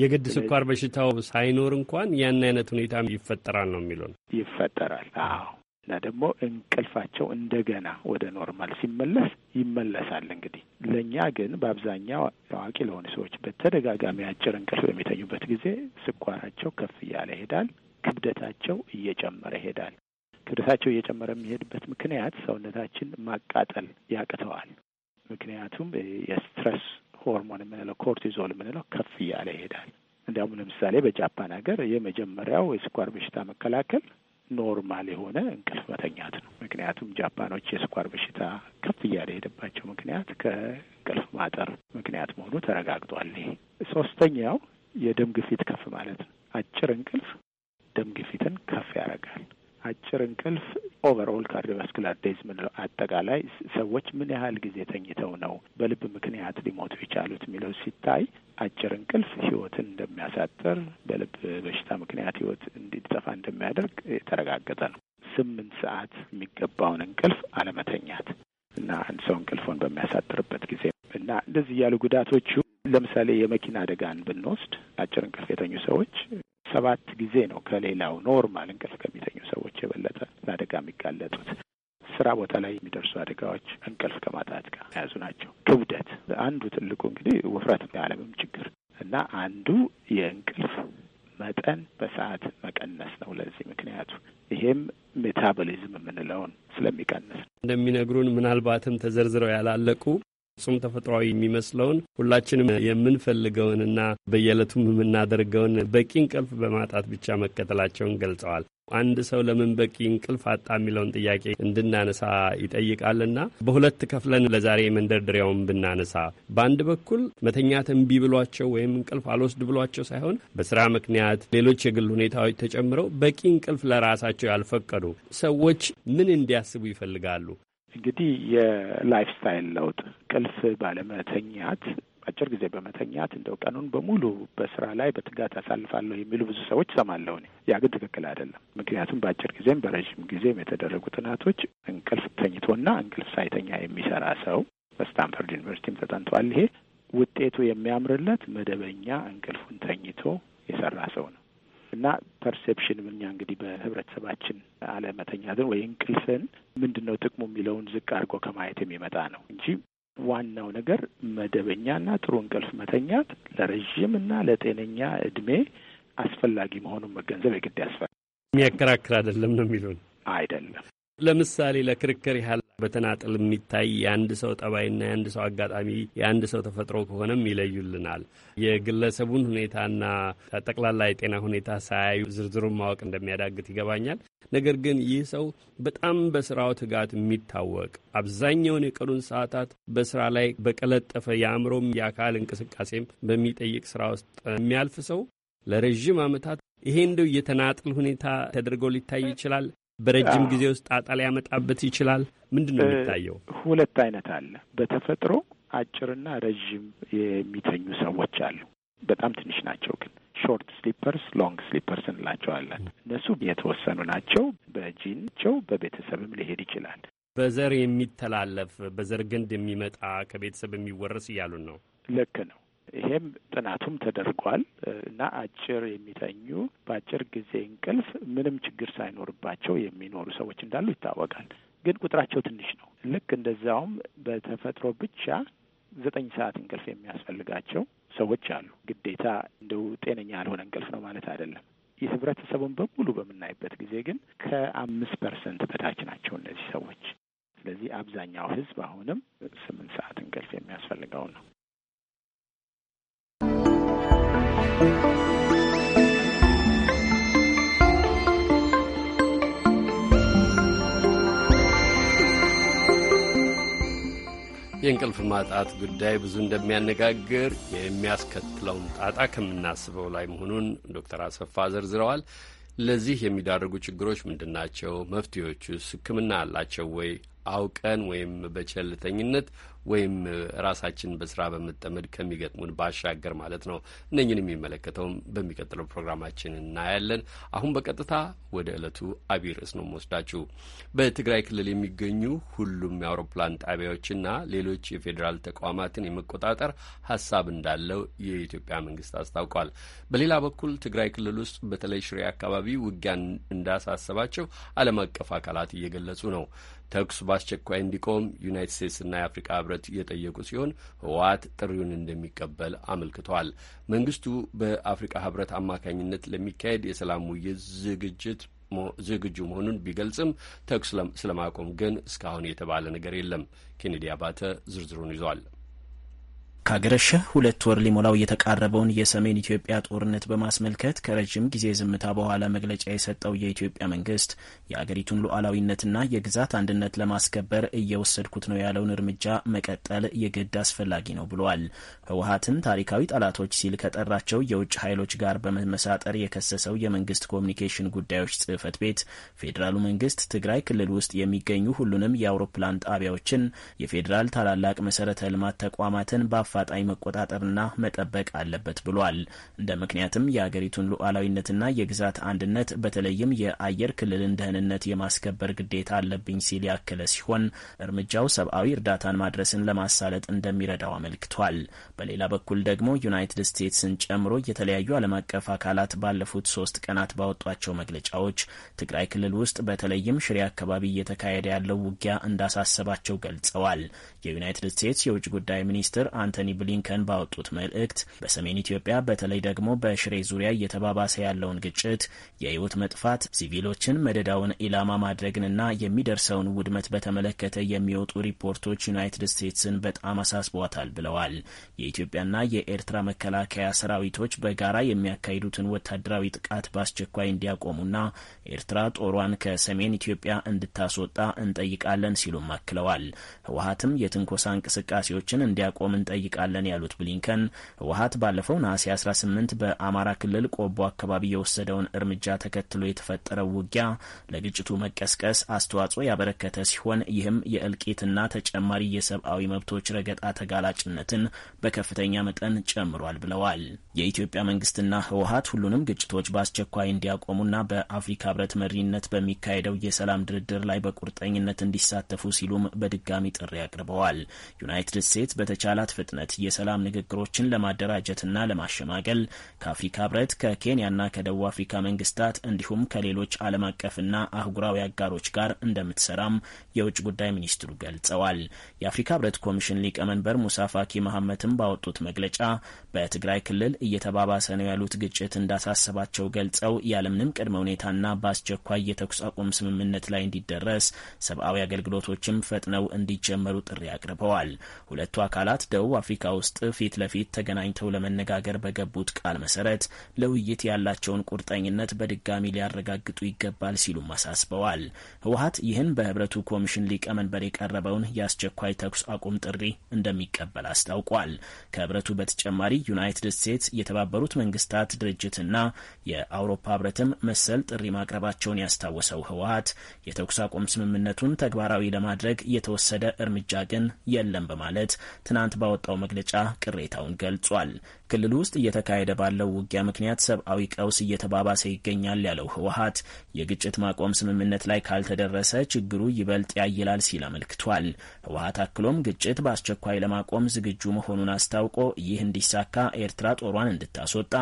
የግድ ስኳር በሽታው ሳይኖር እንኳን ያን አይነት ሁኔታ ይፈጠራል ነው የሚሉን። ይፈጠራል። አዎ እና ደግሞ እንቅልፋቸው እንደገና ወደ ኖርማል ሲመለስ ይመለሳል። እንግዲህ ለእኛ ግን በአብዛኛው ታዋቂ ለሆኑ ሰዎች በተደጋጋሚ አጭር እንቅልፍ በሚተኙበት ጊዜ ስኳራቸው ከፍ እያለ ይሄዳል፣ ክብደታቸው እየጨመረ ይሄዳል። ክብደታቸው እየጨመረ የሚሄድበት ምክንያት ሰውነታችን ማቃጠል ያቅተዋል። ምክንያቱም የስትረስ ሆርሞን የምንለው ኮርቲዞል የምንለው ከፍ እያለ ይሄዳል። እንዲያውም ለምሳሌ በጃፓን ሀገር የመጀመሪያው የስኳር በሽታ መከላከል ኖርማል የሆነ እንቅልፍ መተኛት ነው። ምክንያቱም ጃፓኖች የስኳር በሽታ ከፍ እያለ የሄደባቸው ምክንያት ከእንቅልፍ ማጠር ምክንያት መሆኑ ተረጋግጧል። ሶስተኛው የደም ግፊት ከፍ ማለት ነው። አጭር እንቅልፍ ደም ግፊትን ከፍ ያደርጋል። አጭር እንቅልፍ ኦቨርኦል ካርዲቫስኩላር ዴዝ ምንለው አጠቃላይ ሰዎች ምን ያህል ጊዜ ተኝተው ነው በልብ ምክንያት ሊሞቱ የቻሉት የሚለው ሲታይ አጭር እንቅልፍ ህይወትን እንደሚያሳጥር፣ በልብ በሽታ ምክንያት ህይወት እንዲጠፋ እንደሚያደርግ የተረጋገጠ ነው። ስምንት ሰዓት የሚገባውን እንቅልፍ አለመተኛት እና አንድ ሰው እንቅልፎን በሚያሳጥርበት ጊዜ እና እንደዚህ ያሉ ጉዳቶቹ ለምሳሌ የመኪና አደጋን ብንወስድ አጭር እንቅልፍ የተኙ ሰዎች ሰባት ጊዜ ነው ከሌላው ኖርማል እንቅልፍ ከሚተኙ ሰዎች የበለጠ ለአደጋ የሚጋለጡት። ስራ ቦታ ላይ የሚደርሱ አደጋዎች እንቅልፍ ከማጣት ጋር የያዙ ናቸው። ክብደት አንዱ ትልቁ እንግዲህ ውፍረት የዓለምም ችግር እና አንዱ የእንቅልፍ መጠን በሰዓት መቀነስ ነው። ለዚህ ምክንያቱ ይሄም ሜታቦሊዝም የምንለውን ስለሚቀንስ እንደሚነግሩን ምናልባትም ተዘርዝረው ያላለቁ ፍጹም ተፈጥሯዊ የሚመስለውን ሁላችንም የምንፈልገውንና በየዕለቱም የምናደርገውን በቂ እንቅልፍ በማጣት ብቻ መከተላቸውን ገልጸዋል። አንድ ሰው ለምን በቂ እንቅልፍ አጣ የሚለውን ጥያቄ እንድናነሳ ይጠይቃልና በሁለት ከፍለን ለዛሬ መንደርደሪያውን ብናነሳ፣ በአንድ በኩል መተኛት እምቢ ብሏቸው ወይም እንቅልፍ አልወስድ ብሏቸው ሳይሆን በስራ ምክንያት፣ ሌሎች የግል ሁኔታዎች ተጨምረው በቂ እንቅልፍ ለራሳቸው ያልፈቀዱ ሰዎች ምን እንዲያስቡ ይፈልጋሉ? እንግዲህ የላይፍ ስታይል ለውጥ ቅልፍ ባለመተኛት አጭር ጊዜ በመተኛት እንደው ቀኑን በሙሉ በስራ ላይ በትጋት አሳልፋለሁ የሚሉ ብዙ ሰዎች እሰማለሁ። ያ ግን ትክክል አይደለም። ምክንያቱም በአጭር ጊዜም በረዥም ጊዜም የተደረጉ ጥናቶች እንቅልፍ ተኝቶና እንቅልፍ ሳይተኛ የሚሰራ ሰው በስታንፈርድ ዩኒቨርሲቲም ተጠንቷል። ይሄ ውጤቱ የሚያምርለት መደበኛ እንቅልፉን ተኝቶ የሰራ ሰው ነው። እና ፐርሴፕሽን እኛ እንግዲህ በህብረተሰባችን አለመተኛትን ወይ እንቅልፍን ምንድን ነው ጥቅሙ የሚለውን ዝቅ አድርጎ ከማየት የሚመጣ ነው እንጂ ዋናው ነገር መደበኛና ጥሩ እንቅልፍ መተኛት ለረዥም እና ለጤነኛ እድሜ አስፈላጊ መሆኑን መገንዘብ የግድ ያስፈል የሚያከራክር አይደለም ነው የሚሉን አይደለም። ለምሳሌ ለክርክር ያህል በተናጥል የሚታይ የአንድ ሰው ጠባይና የአንድ ሰው አጋጣሚ የአንድ ሰው ተፈጥሮ ከሆነም ይለዩልናል። የግለሰቡን ሁኔታና ጠቅላላ የጤና ሁኔታ ሳያዩ ዝርዝሩን ማወቅ እንደሚያዳግት ይገባኛል። ነገር ግን ይህ ሰው በጣም በስራው ትጋት የሚታወቅ አብዛኛውን የቀኑን ሰዓታት በስራ ላይ በቀለጠፈ የአእምሮም የአካል እንቅስቃሴም በሚጠይቅ ስራ ውስጥ የሚያልፍ ሰው ለረዥም ዓመታት ይሄ እንደው የተናጥል ሁኔታ ተደርጎ ሊታይ ይችላል። በረጅም ጊዜ ውስጥ ጣጣ ሊያመጣበት ይችላል። ምንድን ነው የሚታየው? ሁለት አይነት አለ። በተፈጥሮ አጭርና ረዥም የሚተኙ ሰዎች አሉ። በጣም ትንሽ ናቸው ግን ሾርት ስሊፐርስ ሎንግ ስሊፐርስ እንላቸዋለን። እነሱ የተወሰኑ ናቸው። በጂንቸው በቤተሰብም ሊሄድ ይችላል። በዘር የሚተላለፍ በዘር ግንድ የሚመጣ ከቤተሰብ የሚወረስ እያሉን ነው። ልክ ነው። ይሄም ጥናቱም ተደርጓል እና አጭር የሚተኙ በአጭር ጊዜ እንቅልፍ ምንም ችግር ሳይኖርባቸው የሚኖሩ ሰዎች እንዳሉ ይታወቃል። ግን ቁጥራቸው ትንሽ ነው። ልክ እንደዛውም በተፈጥሮ ብቻ ዘጠኝ ሰዓት እንቅልፍ የሚያስፈልጋቸው ሰዎች አሉ። ግዴታ እንደው ጤነኛ ያልሆነ እንቅልፍ ነው ማለት አይደለም። የህብረተሰቡን በሙሉ በምናይበት ጊዜ ግን ከአምስት ፐርሰንት በታች ናቸው እነዚህ ሰዎች። ስለዚህ አብዛኛው ህዝብ አሁንም ስምንት ሰዓት እንቅልፍ የሚያስፈልገው ነው። የእንቅልፍ ማጣት ጉዳይ ብዙ እንደሚያነጋግር የሚያስከትለውን ጣጣ ከምናስበው ላይ መሆኑን ዶክተር አሰፋ ዘርዝረዋል። ለዚህ የሚዳርጉ ችግሮች ምንድናቸው መፍትሄዎቹስ ሕክምና አላቸው ወይ? አውቀን ወይም በቸልተኝነት ወይም ራሳችን በስራ በመጠመድ ከሚገጥሙን ባሻገር ማለት ነው። እነኝን የሚመለከተውም በሚቀጥለው ፕሮግራማችን እናያለን። አሁን በቀጥታ ወደ ዕለቱ አቢይ ርዕስ ነው መወስዳችሁ። በትግራይ ክልል የሚገኙ ሁሉም የአውሮፕላን ጣቢያዎችና ሌሎች የፌዴራል ተቋማትን የመቆጣጠር ሀሳብ እንዳለው የኢትዮጵያ መንግስት አስታውቋል። በሌላ በኩል ትግራይ ክልል ውስጥ በተለይ ሽሬ አካባቢ ውጊያን እንዳሳሰባቸው ዓለም አቀፍ አካላት እየገለጹ ነው። ተኩስ በአስቸኳይ እንዲቆም ዩናይትድ ስቴትስና የአፍሪካ ህብረት እየጠየቁ ሲሆን ህወሓት ጥሪውን እንደሚቀበል አመልክተዋል። መንግስቱ በአፍሪካ ህብረት አማካኝነት ለሚካሄድ የሰላም ውይይት ዝግጅት ዝግጁ መሆኑን ቢገልጽም ተኩስ ስለማቆም ግን እስካሁን የተባለ ነገር የለም። ኬኔዲ አባተ ዝርዝሩን ይዟል። ካገረሸ ሁለት ወር ሊሞላው የተቃረበውን የሰሜን ኢትዮጵያ ጦርነት በማስመልከት ከረዥም ጊዜ ዝምታ በኋላ መግለጫ የሰጠው የኢትዮጵያ መንግስት የአገሪቱን ሉዓላዊነትና የግዛት አንድነት ለማስከበር እየወሰድኩት ነው ያለውን እርምጃ መቀጠል የግድ አስፈላጊ ነው ብሏል። ህወሀትን ታሪካዊ ጠላቶች ሲል ከጠራቸው የውጭ ኃይሎች ጋር በመመሳጠር የከሰሰው የመንግስት ኮሚኒኬሽን ጉዳዮች ጽህፈት ቤት ፌዴራሉ መንግስት ትግራይ ክልል ውስጥ የሚገኙ ሁሉንም የአውሮፕላን ጣቢያዎችን፣ የፌዴራል ታላላቅ መሰረተ ልማት ተቋማትን በአፋጣኝ መቆጣጠርና መጠበቅ አለበት ብሏል። እንደ ምክንያትም የአገሪቱን ሉዓላዊነትና የግዛት አንድነት በተለይም የአየር ክልልን ደህንነት የማስከበር ግዴታ አለብኝ ሲል ያከለ ሲሆን እርምጃው ሰብአዊ እርዳታን ማድረስን ለማሳለጥ እንደሚረዳው አመልክቷል። በሌላ በኩል ደግሞ ዩናይትድ ስቴትስን ጨምሮ የተለያዩ ዓለም አቀፍ አካላት ባለፉት ሶስት ቀናት ባወጧቸው መግለጫዎች ትግራይ ክልል ውስጥ በተለይም ሽሬ አካባቢ እየተካሄደ ያለው ውጊያ እንዳሳሰባቸው ገልጸዋል። የዩናይትድ ስቴትስ የውጭ ጉዳይ ሚኒስትር አንተ አንቶኒ ብሊንከን ባወጡት መልእክት በሰሜን ኢትዮጵያ በተለይ ደግሞ በሽሬ ዙሪያ እየተባባሰ ያለውን ግጭት፣ የህይወት መጥፋት፣ ሲቪሎችን መደዳውን ኢላማ ማድረግንና የሚደርሰውን ውድመት በተመለከተ የሚወጡ ሪፖርቶች ዩናይትድ ስቴትስን በጣም አሳስቧታል ብለዋል። የኢትዮጵያና የኤርትራ መከላከያ ሰራዊቶች በጋራ የሚያካሂዱትን ወታደራዊ ጥቃት በአስቸኳይ እንዲያቆሙና ኤርትራ ጦሯን ከሰሜን ኢትዮጵያ እንድታስወጣ እንጠይቃለን ሲሉም አክለዋል። ህወሀትም የትንኮሳ እንቅስቃሴዎችን እንዲያቆም እንጠይቃለን እንጠይቃለን ያሉት ብሊንከን ህወሀት ባለፈው ነሐሴ 18 በአማራ ክልል ቆቦ አካባቢ የወሰደውን እርምጃ ተከትሎ የተፈጠረው ውጊያ ለግጭቱ መቀስቀስ አስተዋጽኦ ያበረከተ ሲሆን ይህም የእልቂትና ተጨማሪ የሰብአዊ መብቶች ረገጣ ተጋላጭነትን በከፍተኛ መጠን ጨምሯል ብለዋል። የኢትዮጵያ መንግስትና ህወሀት ሁሉንም ግጭቶች በአስቸኳይ እንዲያቆሙና በአፍሪካ ህብረት መሪነት በሚካሄደው የሰላም ድርድር ላይ በቁርጠኝነት እንዲሳተፉ ሲሉም በድጋሚ ጥሪ አቅርበዋል። ዩናይትድ ስቴትስ በተቻላት ፍጥነት ዓመት የሰላም ንግግሮችን ለማደራጀትና ለማሸማገል ከአፍሪካ ህብረት ከኬንያና ከደቡብ አፍሪካ መንግስታት እንዲሁም ከሌሎች ዓለም አቀፍና አህጉራዊ አጋሮች ጋር እንደምትሰራም የውጭ ጉዳይ ሚኒስትሩ ገልጸዋል። የአፍሪካ ህብረት ኮሚሽን ሊቀመንበር ሙሳ ፋኪ መሐመትም ባወጡት መግለጫ በትግራይ ክልል እየተባባሰ ነው ያሉት ግጭት እንዳሳሰባቸው ገልጸው ያለምንም ቅድመ ሁኔታና በአስቸኳይ የተኩስ አቁም ስምምነት ላይ እንዲደረስ ሰብአዊ አገልግሎቶችም ፈጥነው እንዲጀመሩ ጥሪ አቅርበዋል። ሁለቱ አካላት ደቡብ አፍሪካ ውስጥ ፊት ለፊት ተገናኝተው ለመነጋገር በገቡት ቃል መሰረት ለውይይት ያላቸውን ቁርጠኝነት በድጋሚ ሊያረጋግጡ ይገባል ሲሉም አሳስበዋል። ህወሀት ይህን በህብረቱ ኮሚሽን ሊቀመንበር የቀረበውን የአስቸኳይ ተኩስ አቁም ጥሪ እንደሚቀበል አስታውቋል። ከህብረቱ በተጨማሪ ዩናይትድ ስቴትስ፣ የተባበሩት መንግስታት ድርጅትና የአውሮፓ ህብረትም መሰል ጥሪ ማቅረባቸውን ያስታወሰው ህወሀት የተኩስ አቁም ስምምነቱን ተግባራዊ ለማድረግ የተወሰደ እርምጃ ግን የለም በማለት ትናንት ባወጣው መግለጫ ቅሬታውን ገልጿል። ክልሉ ውስጥ እየተካሄደ ባለው ውጊያ ምክንያት ሰብአዊ ቀውስ እየተባባሰ ይገኛል ያለው ህወሀት የግጭት ማቆም ስምምነት ላይ ካልተደረሰ ችግሩ ይበልጥ ያይላል ሲል አመልክቷል። ህወሀት አክሎም ግጭት በአስቸኳይ ለማቆም ዝግጁ መሆኑን አስታውቆ ይህ እንዲሳካ ኤርትራ ጦሯን እንድታስወጣ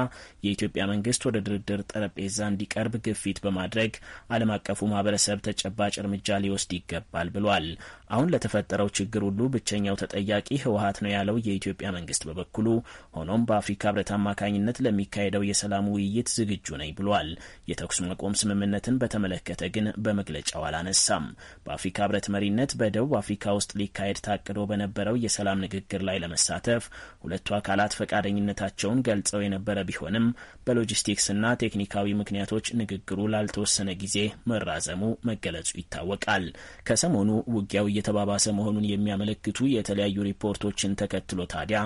የኢትዮጵያ መንግስት ወደ ድርድር ጠረጴዛ እንዲቀርብ ግፊት በማድረግ ዓለም አቀፉ ማህበረሰብ ተጨባጭ እርምጃ ሊወስድ ይገባል ብሏል። አሁን ለተፈጠረው ችግር ሁሉ ብቸኛው ተጠያቂ ህወሀት ነው ያለው የኢትዮጵያ መንግስት በበኩሉ ሆኖም በአፍሪካ ህብረት አማካኝነት ለሚካሄደው የሰላም ውይይት ዝግጁ ነኝ ብሏል። የተኩስ መቆም ስምምነትን በተመለከተ ግን በመግለጫው አላነሳም። በአፍሪካ ህብረት መሪነት በደቡብ አፍሪካ ውስጥ ሊካሄድ ታቅዶ በነበረው የሰላም ንግግር ላይ ለመሳተፍ ሁለቱ አካላት ፈቃደኝነታቸውን ገልጸው የነበረ ቢሆንም በሎጂስቲክስና ቴክኒካዊ ምክንያቶች ንግግሩ ላልተወሰነ ጊዜ መራዘሙ መገለጹ ይታወቃል። ከሰሞኑ ውጊያው እየተባባሰ መሆኑን የሚያመለክቱ የተለያዩ ሪፖርቶችን ተከትሎ ተከትሎ ታዲያ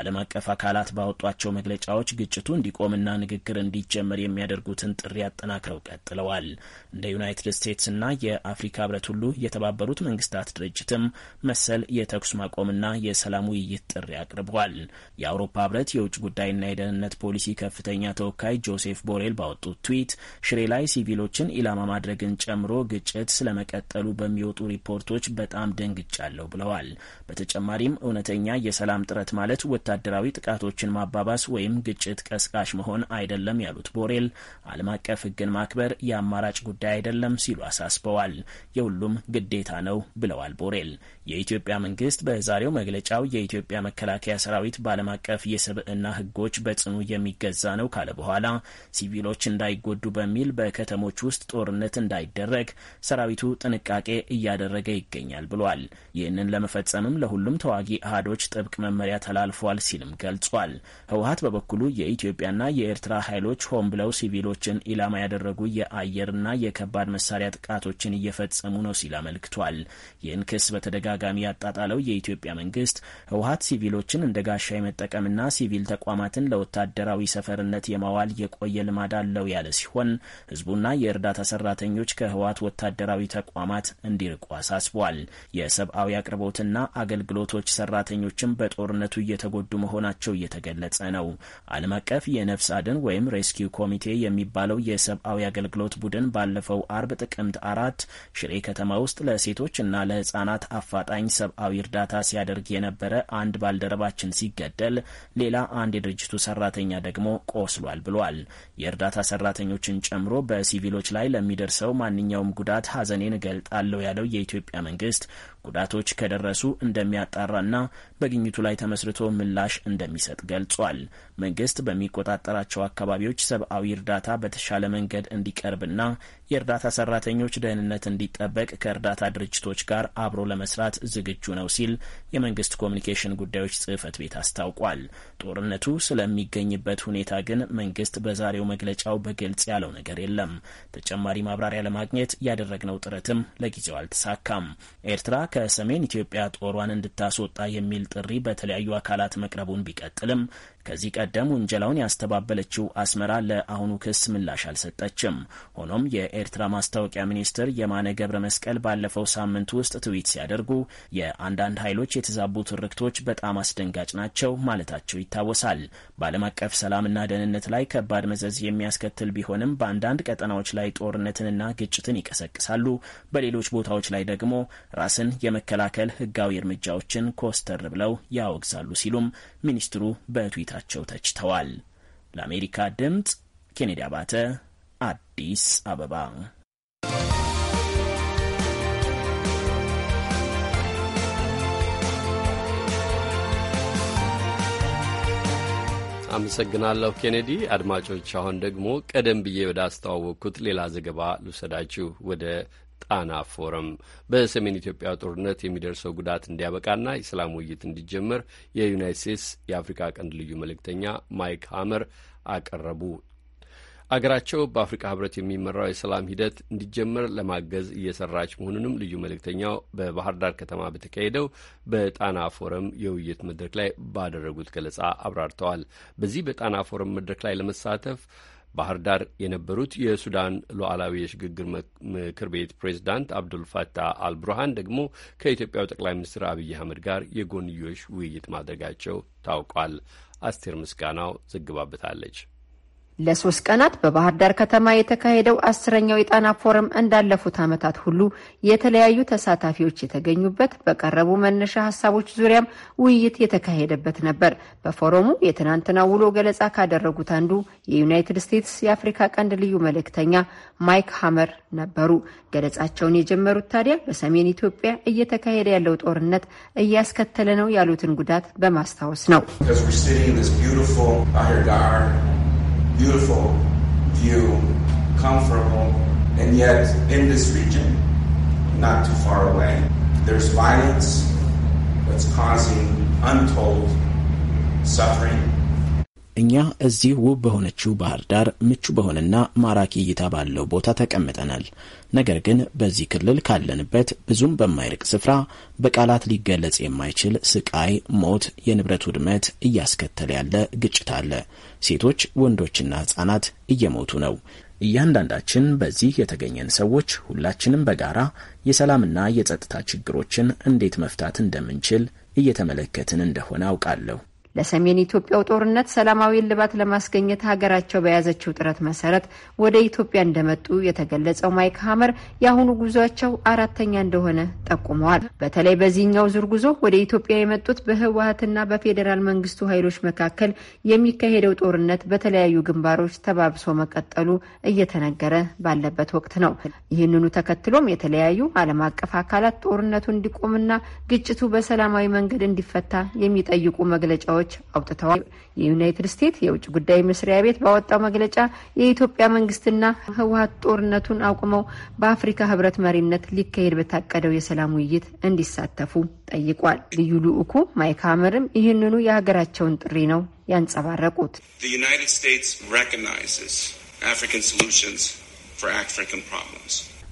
ዓለም አቀፍ አካላት ባወጧቸው መግለጫዎች ግጭቱ እንዲቆምና ንግግር እንዲጀመር የሚያደርጉትን ጥሪ አጠናክረው ቀጥለዋል። እንደ ዩናይትድ ስቴትስና የአፍሪካ ህብረት ሁሉ የተባበሩት መንግስታት ድርጅትም መሰል የተኩስ ማቆምና የሰላም ውይይት ጥሪ አቅርበዋል። የአውሮፓ ህብረት የውጭ ጉዳይና የደህንነት ፖሊሲ ከፍተኛ ተወካይ ጆሴፍ ቦሬል ባወጡት ትዊት ሽሬ ላይ ሲቪሎችን ኢላማ ማድረግን ጨምሮ ግጭት ስለመቀጠሉ በሚወጡ ሪፖርቶች በጣም ደንግጫለሁ ብለዋል። በተጨማሪም እውነተኛ የሰ የሰላም ጥረት ማለት ወታደራዊ ጥቃቶችን ማባባስ ወይም ግጭት ቀስቃሽ መሆን አይደለም ያሉት ቦሬል ዓለም አቀፍ ሕግን ማክበር የአማራጭ ጉዳይ አይደለም ሲሉ አሳስበዋል። የሁሉም ግዴታ ነው ብለዋል ቦሬል። የኢትዮጵያ መንግስት በዛሬው መግለጫው የኢትዮጵያ መከላከያ ሰራዊት በዓለም አቀፍ የስብዕና ሕጎች በጽኑ የሚገዛ ነው ካለ በኋላ ሲቪሎች እንዳይጎዱ በሚል በከተሞች ውስጥ ጦርነት እንዳይደረግ ሰራዊቱ ጥንቃቄ እያደረገ ይገኛል ብሏል። ይህንን ለመፈጸምም ለሁሉም ተዋጊ አህዶች ጥብቅ መመሪያ ተላልፏል ሲልም ገልጿል። ህወሀት በበኩሉ የኢትዮጵያና የኤርትራ ኃይሎች ሆን ብለው ሲቪሎችን ኢላማ ያደረጉ የአየርና የከባድ መሳሪያ ጥቃቶችን እየፈጸሙ ነው ሲል አመልክቷል። ይህን ክስ በተደጋጋሚ ያጣጣለው የኢትዮጵያ መንግስት ህወሀት ሲቪሎችን እንደ ጋሻ የመጠቀምና ሲቪል ተቋማትን ለወታደራዊ ሰፈርነት የማዋል የቆየ ልማድ አለው ያለ ሲሆን ህዝቡና የእርዳታ ሰራተኞች ከህወሀት ወታደራዊ ተቋማት እንዲርቁ አሳስቧል። የሰብአዊ አቅርቦትና አገልግሎቶች ሰራተኞችን በ በጦርነቱ እየተጎዱ መሆናቸው እየተገለጸ ነው። ዓለም አቀፍ የነፍስ አድን ወይም ሬስኪው ኮሚቴ የሚባለው የሰብአዊ አገልግሎት ቡድን ባለፈው አርብ ጥቅምት አራት ሽሬ ከተማ ውስጥ ለሴቶች እና ለህጻናት አፋጣኝ ሰብአዊ እርዳታ ሲያደርግ የነበረ አንድ ባልደረባችን ሲገደል ሌላ አንድ የድርጅቱ ሰራተኛ ደግሞ ቆስሏል ብሏል። የእርዳታ ሰራተኞችን ጨምሮ በሲቪሎች ላይ ለሚደርሰው ማንኛውም ጉዳት ሀዘኔን እገልጣለሁ ያለው የኢትዮጵያ መንግስት ጉዳቶች ከደረሱ እንደሚያጣራና በግኝቱ ላይ ተመስርቶ ምላሽ እንደሚሰጥ ገልጿል። መንግስት በሚቆጣጠራቸው አካባቢዎች ሰብአዊ እርዳታ በተሻለ መንገድ እንዲቀርብና የእርዳታ ሰራተኞች ደህንነት እንዲጠበቅ ከእርዳታ ድርጅቶች ጋር አብሮ ለመስራት ዝግጁ ነው ሲል የመንግስት ኮሚኒኬሽን ጉዳዮች ጽህፈት ቤት አስታውቋል። ጦርነቱ ስለሚገኝበት ሁኔታ ግን መንግስት በዛሬው መግለጫው በግልጽ ያለው ነገር የለም። ተጨማሪ ማብራሪያ ለማግኘት ያደረግነው ጥረትም ለጊዜው አልተሳካም። ኤርትራ ከሰሜን ኢትዮጵያ ጦሯን እንድታስወጣ የሚል ጥሪ በተለያዩ አካላት መቅረቡን ቢቀጥልም ከዚህ ቀደም ውንጀላውን ያስተባበለችው አስመራ ለአሁኑ ክስ ምላሽ አልሰጠችም። ሆኖም የኤርትራ ማስታወቂያ ሚኒስትር የማነ ገብረ መስቀል ባለፈው ሳምንት ውስጥ ትዊት ሲያደርጉ የአንዳንድ ኃይሎች የተዛቡ ትርክቶች በጣም አስደንጋጭ ናቸው ማለታቸው ይታወሳል። በዓለም አቀፍ ሰላምና ደህንነት ላይ ከባድ መዘዝ የሚያስከትል ቢሆንም በአንዳንድ ቀጠናዎች ላይ ጦርነትንና ግጭትን ይቀሰቅሳሉ፣ በሌሎች ቦታዎች ላይ ደግሞ ራስን የመከላከል ህጋዊ እርምጃዎችን ኮስተር ብለው ያወግዛሉ ሲሉም ሚኒስትሩ በትዊታ መግለጫቸው ተችተዋል። ለአሜሪካ ድምፅ ኬኔዲ አባተ አዲስ አበባ። አመሰግናለሁ ኬኔዲ። አድማጮች አሁን ደግሞ ቀደም ብዬ ወደ አስተዋወቅኩት ሌላ ዘገባ ልውሰዳችሁ ወደ ጣና ፎረም በሰሜን ኢትዮጵያ ጦርነት የሚደርሰው ጉዳት እንዲያበቃና የሰላም ውይይት እንዲጀመር የዩናይት ስቴትስ የአፍሪካ ቀንድ ልዩ መልእክተኛ ማይክ ሀመር አቀረቡ። አገራቸው በአፍሪካ ህብረት የሚመራው የሰላም ሂደት እንዲጀመር ለማገዝ እየሰራች መሆኑንም ልዩ መልእክተኛው በባህር ዳር ከተማ በተካሄደው በጣና ፎረም የውይይት መድረክ ላይ ባደረጉት ገለጻ አብራርተዋል። በዚህ በጣና ፎረም መድረክ ላይ ለመሳተፍ ባህር ዳር የነበሩት የሱዳን ሉዓላዊ የሽግግር ምክር ቤት ፕሬዚዳንት አብዱልፋታህ አልቡርሃን ደግሞ ከኢትዮጵያው ጠቅላይ ሚኒስትር አብይ አህመድ ጋር የጎንዮሽ ውይይት ማድረጋቸው ታውቋል። አስቴር ምስጋናው ዘግባበታለች። ለሶስት ቀናት በባህር ዳር ከተማ የተካሄደው አስረኛው የጣና ፎረም እንዳለፉት ዓመታት ሁሉ የተለያዩ ተሳታፊዎች የተገኙበት በቀረቡ መነሻ ሀሳቦች ዙሪያም ውይይት የተካሄደበት ነበር። በፎረሙ የትናንትና ውሎ ገለጻ ካደረጉት አንዱ የዩናይትድ ስቴትስ የአፍሪካ ቀንድ ልዩ መልእክተኛ ማይክ ሀመር ነበሩ። ገለጻቸውን የጀመሩት ታዲያ በሰሜን ኢትዮጵያ እየተካሄደ ያለው ጦርነት እያስከተለ ነው ያሉትን ጉዳት በማስታወስ ነው። beautiful view, comfortable, and yet in this region, not too far away, there's violence that's causing untold suffering እኛ እዚህ ውብ በሆነችው ባህር ዳር ምቹ በሆነና ማራኪ እይታ ባለው ቦታ ተቀምጠናል። ነገር ግን በዚህ ክልል ካለንበት ብዙም በማይርቅ ስፍራ በቃላት ሊገለጽ የማይችል ስቃይ፣ ሞት፣ የንብረት ውድመት እያስከተለ ያለ ግጭት አለ። ሴቶች፣ ወንዶችና ህጻናት እየሞቱ ነው። እያንዳንዳችን በዚህ የተገኘን ሰዎች ሁላችንም በጋራ የሰላምና የጸጥታ ችግሮችን እንዴት መፍታት እንደምንችል እየተመለከትን እንደሆነ አውቃለሁ። ለሰሜን ኢትዮጵያው ጦርነት ሰላማዊ እልባት ለማስገኘት ሀገራቸው በያዘችው ጥረት መሰረት ወደ ኢትዮጵያ እንደመጡ የተገለጸው ማይክ ሀመር የአሁኑ ጉዟቸው አራተኛ እንደሆነ ጠቁመዋል። በተለይ በዚህኛው ዙር ጉዞ ወደ ኢትዮጵያ የመጡት በህወሀትና በፌዴራል መንግስቱ ኃይሎች መካከል የሚካሄደው ጦርነት በተለያዩ ግንባሮች ተባብሶ መቀጠሉ እየተነገረ ባለበት ወቅት ነው። ይህንኑ ተከትሎም የተለያዩ ዓለም አቀፍ አካላት ጦርነቱ እንዲቆምና ግጭቱ በሰላማዊ መንገድ እንዲፈታ የሚጠይቁ መግለጫዎች መግለጫዎች አውጥተዋል። የዩናይትድ ስቴትስ የውጭ ጉዳይ መስሪያ ቤት ባወጣው መግለጫ የኢትዮጵያ መንግስትና ህወሀት ጦርነቱን አቁመው በአፍሪካ ህብረት መሪነት ሊካሄድ በታቀደው የሰላም ውይይት እንዲሳተፉ ጠይቋል። ልዩ ልዑኩ ማይክ ሀመርም ይህንኑ የሀገራቸውን ጥሪ ነው ያንጸባረቁት። ዩናይትድ ስቴትስ ሪኮግናይዝስ አፍሪካን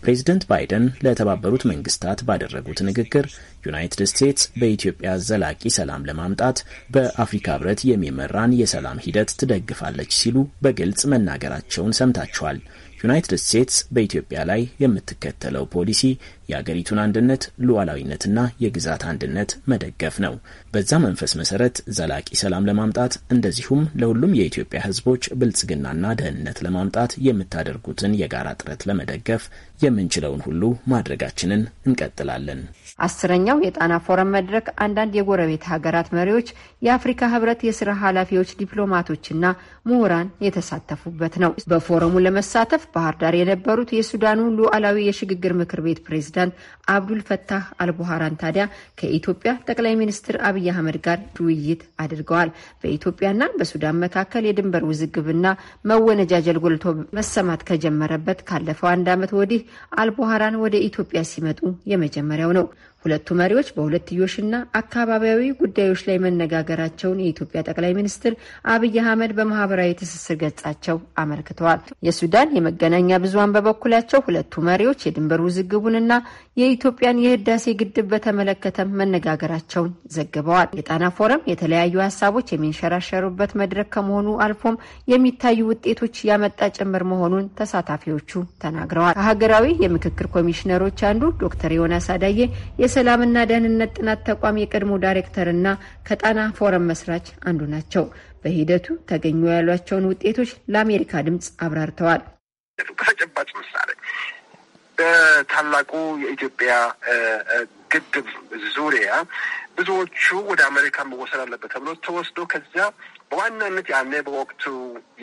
ፕሬዚደንት ባይደን ለተባበሩት መንግስታት ባደረጉት ንግግር ዩናይትድ ስቴትስ በኢትዮጵያ ዘላቂ ሰላም ለማምጣት በአፍሪካ ህብረት የሚመራን የሰላም ሂደት ትደግፋለች ሲሉ በግልጽ መናገራቸውን ሰምታችኋል። ዩናይትድ ስቴትስ በኢትዮጵያ ላይ የምትከተለው ፖሊሲ የአገሪቱን አንድነት ሉዓላዊነትና የግዛት አንድነት መደገፍ ነው። በዛ መንፈስ መሰረት ዘላቂ ሰላም ለማምጣት እንደዚሁም ለሁሉም የኢትዮጵያ ሕዝቦች ብልጽግናና ደህንነት ለማምጣት የምታደርጉትን የጋራ ጥረት ለመደገፍ የምንችለውን ሁሉ ማድረጋችንን እንቀጥላለን። አስረኛው የጣና ፎረም መድረክ አንዳንድ የጎረቤት ሀገራት መሪዎች፣ የአፍሪካ ህብረት የስራ ኃላፊዎች፣ ዲፕሎማቶችና ምሁራን የተሳተፉበት ነው። በፎረሙ ለመሳተፍ ባህር ዳር የነበሩት የሱዳኑ ሉዓላዊ የሽግግር ምክር ቤት ፕሬዝዳንት አብዱል ፈታህ አልቡሃራን ታዲያ ከኢትዮጵያ ጠቅላይ ሚኒስትር አብይ አህመድ ጋር ውይይት አድርገዋል። በኢትዮጵያና በሱዳን መካከል የድንበር ውዝግብና መወነጃጀል ጎልቶ መሰማት ከጀመረበት ካለፈው አንድ ዓመት ወዲህ አልቡሃራን ወደ ኢትዮጵያ ሲመጡ የመጀመሪያው ነው። ሁለቱ መሪዎች በሁለትዮሽና አካባቢያዊ ጉዳዮች ላይ መነጋገራቸውን የኢትዮጵያ ጠቅላይ ሚኒስትር አብይ አህመድ በማህበራዊ ትስስር ገጻቸው አመልክተዋል። የሱዳን የመገናኛ ብዙኃን በበኩላቸው ሁለቱ መሪዎች የድንበር ውዝግቡንና የኢትዮጵያን የህዳሴ ግድብ በተመለከተ መነጋገራቸውን ዘግበዋል። የጣና ፎረም የተለያዩ ሀሳቦች የሚንሸራሸሩበት መድረክ ከመሆኑ አልፎም የሚታዩ ውጤቶች ያመጣ ጭምር መሆኑን ተሳታፊዎቹ ተናግረዋል። ከሀገራዊ የምክክር ኮሚሽነሮች አንዱ ዶክተር ዮናስ አዳዬ የሰላምና ደህንነት ጥናት ተቋም የቀድሞ ዳይሬክተርና ከጣና ፎረም መስራች አንዱ ናቸው። በሂደቱ ተገኙ ያሏቸውን ውጤቶች ለአሜሪካ ድምፅ አብራርተዋል። ተጨባጭ ምሳሌ በታላቁ የኢትዮጵያ ግድብ ዙሪያ ብዙዎቹ ወደ አሜሪካ መወሰድ አለበት ተብሎ ተወስዶ ከዚያ በዋናነት ያኔ በወቅቱ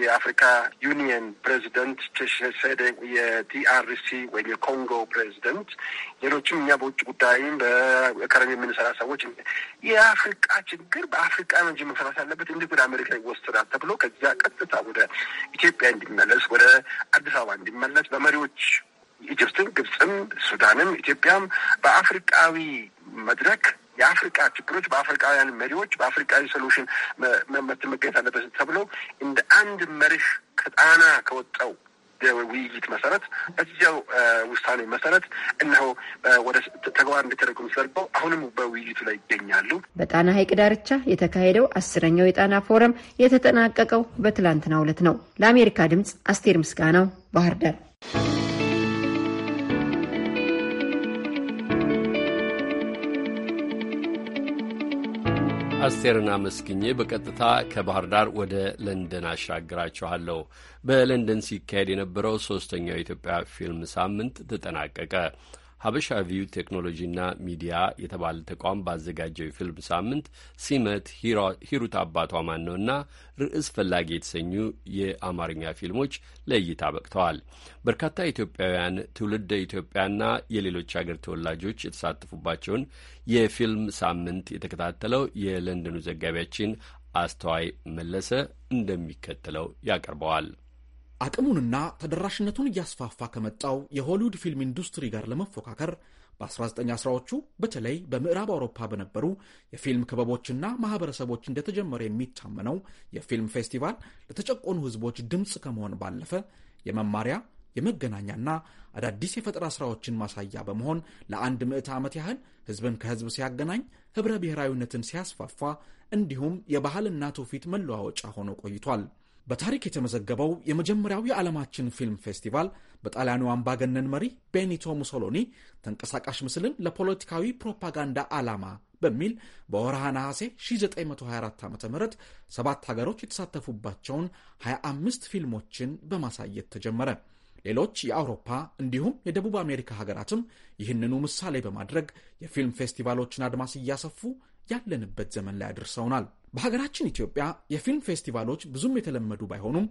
የአፍሪካ ዩኒየን ፕሬዚደንት ቺሴኬዲ የዲአርሲ ወይም የኮንጎ ፕሬዚደንት፣ ሌሎችም እኛ በውጭ ጉዳይም በከረን የምንሰራ ሰዎች የአፍሪቃ ችግር በአፍሪቃ ነው እንጂ መሰራት ያለበት እንዲህ ወደ አሜሪካ ይወሰዳል ተብሎ ከዚያ ቀጥታ ወደ ኢትዮጵያ እንዲመለስ ወደ አዲስ አበባ እንዲመለስ በመሪዎች ኢጅፕትም፣ ግብፅም፣ ሱዳንም፣ ኢትዮጵያም በአፍሪቃዊ መድረክ የአፍሪቃ ችግሮች በአፍሪቃውያን መሪዎች በአፍሪቃዊ ሶሉሽን መገኘት አለበት ተብለው እንደ አንድ መርህ ከጣና ከወጣው ውይይት መሰረት በዚያው ውሳኔ መሰረት እነሆ ወደ ተግባር እንዲደረጉ የሚፈልገው አሁንም በውይይቱ ላይ ይገኛሉ። በጣና ሐይቅ ዳርቻ የተካሄደው አስረኛው የጣና ፎረም የተጠናቀቀው በትላንትናው ዕለት ነው። ለአሜሪካ ድምፅ አስቴር ምስጋናው ባህር ዳር አስቴርን አመስግኜ በቀጥታ ከባህር ዳር ወደ ለንደን አሻግራችኋለሁ። በለንደን ሲካሄድ የነበረው ሶስተኛው የኢትዮጵያ ፊልም ሳምንት ተጠናቀቀ። ሀበሻ ቪው ቴክኖሎጂና ሚዲያ የተባለ ተቋም ባዘጋጀው የፊልም ሳምንት ሲመት፣ ሂሩት አባቷ ማን ነው እና ርዕስ ፈላጊ የተሰኙ የአማርኛ ፊልሞች ለእይታ በቅተዋል። በርካታ ኢትዮጵያውያን ትውልደ ኢትዮጵያና የሌሎች አገር ተወላጆች የተሳተፉባቸውን የፊልም ሳምንት የተከታተለው የለንደኑ ዘጋቢያችን አስተዋይ መለሰ እንደሚከተለው ያቀርበዋል። አቅሙንና ተደራሽነቱን እያስፋፋ ከመጣው የሆሊውድ ፊልም ኢንዱስትሪ ጋር ለመፎካከር በ1910ዎቹ በተለይ በምዕራብ አውሮፓ በነበሩ የፊልም ክበቦችና ማህበረሰቦች እንደተጀመረ የሚታመነው የፊልም ፌስቲቫል ለተጨቆኑ ሕዝቦች ድምፅ ከመሆን ባለፈ የመማሪያ የመገናኛና አዳዲስ የፈጠራ ሥራዎችን ማሳያ በመሆን ለአንድ ምዕተ ዓመት ያህል ሕዝብን ከሕዝብ ሲያገናኝ፣ ኅብረ ብሔራዊነትን ሲያስፋፋ እንዲሁም የባህልና ትውፊት መለዋወጫ ሆኖ ቆይቷል። በታሪክ የተመዘገበው የመጀመሪያው የዓለማችን ፊልም ፌስቲቫል በጣሊያኑ አምባገነን መሪ ቤኒቶ ሙሶሎኒ ተንቀሳቃሽ ምስልን ለፖለቲካዊ ፕሮፓጋንዳ ዓላማ በሚል በወርሃ ነሐሴ 1924 ዓ ም ሰባት ሀገሮች የተሳተፉባቸውን 25 ፊልሞችን በማሳየት ተጀመረ። ሌሎች የአውሮፓ እንዲሁም የደቡብ አሜሪካ ሀገራትም ይህንኑ ምሳሌ በማድረግ የፊልም ፌስቲቫሎችን አድማስ እያሰፉ ያለንበት ዘመን ላይ አድርሰውናል። በሀገራችን ኢትዮጵያ የፊልም ፌስቲቫሎች ብዙም የተለመዱ ባይሆኑም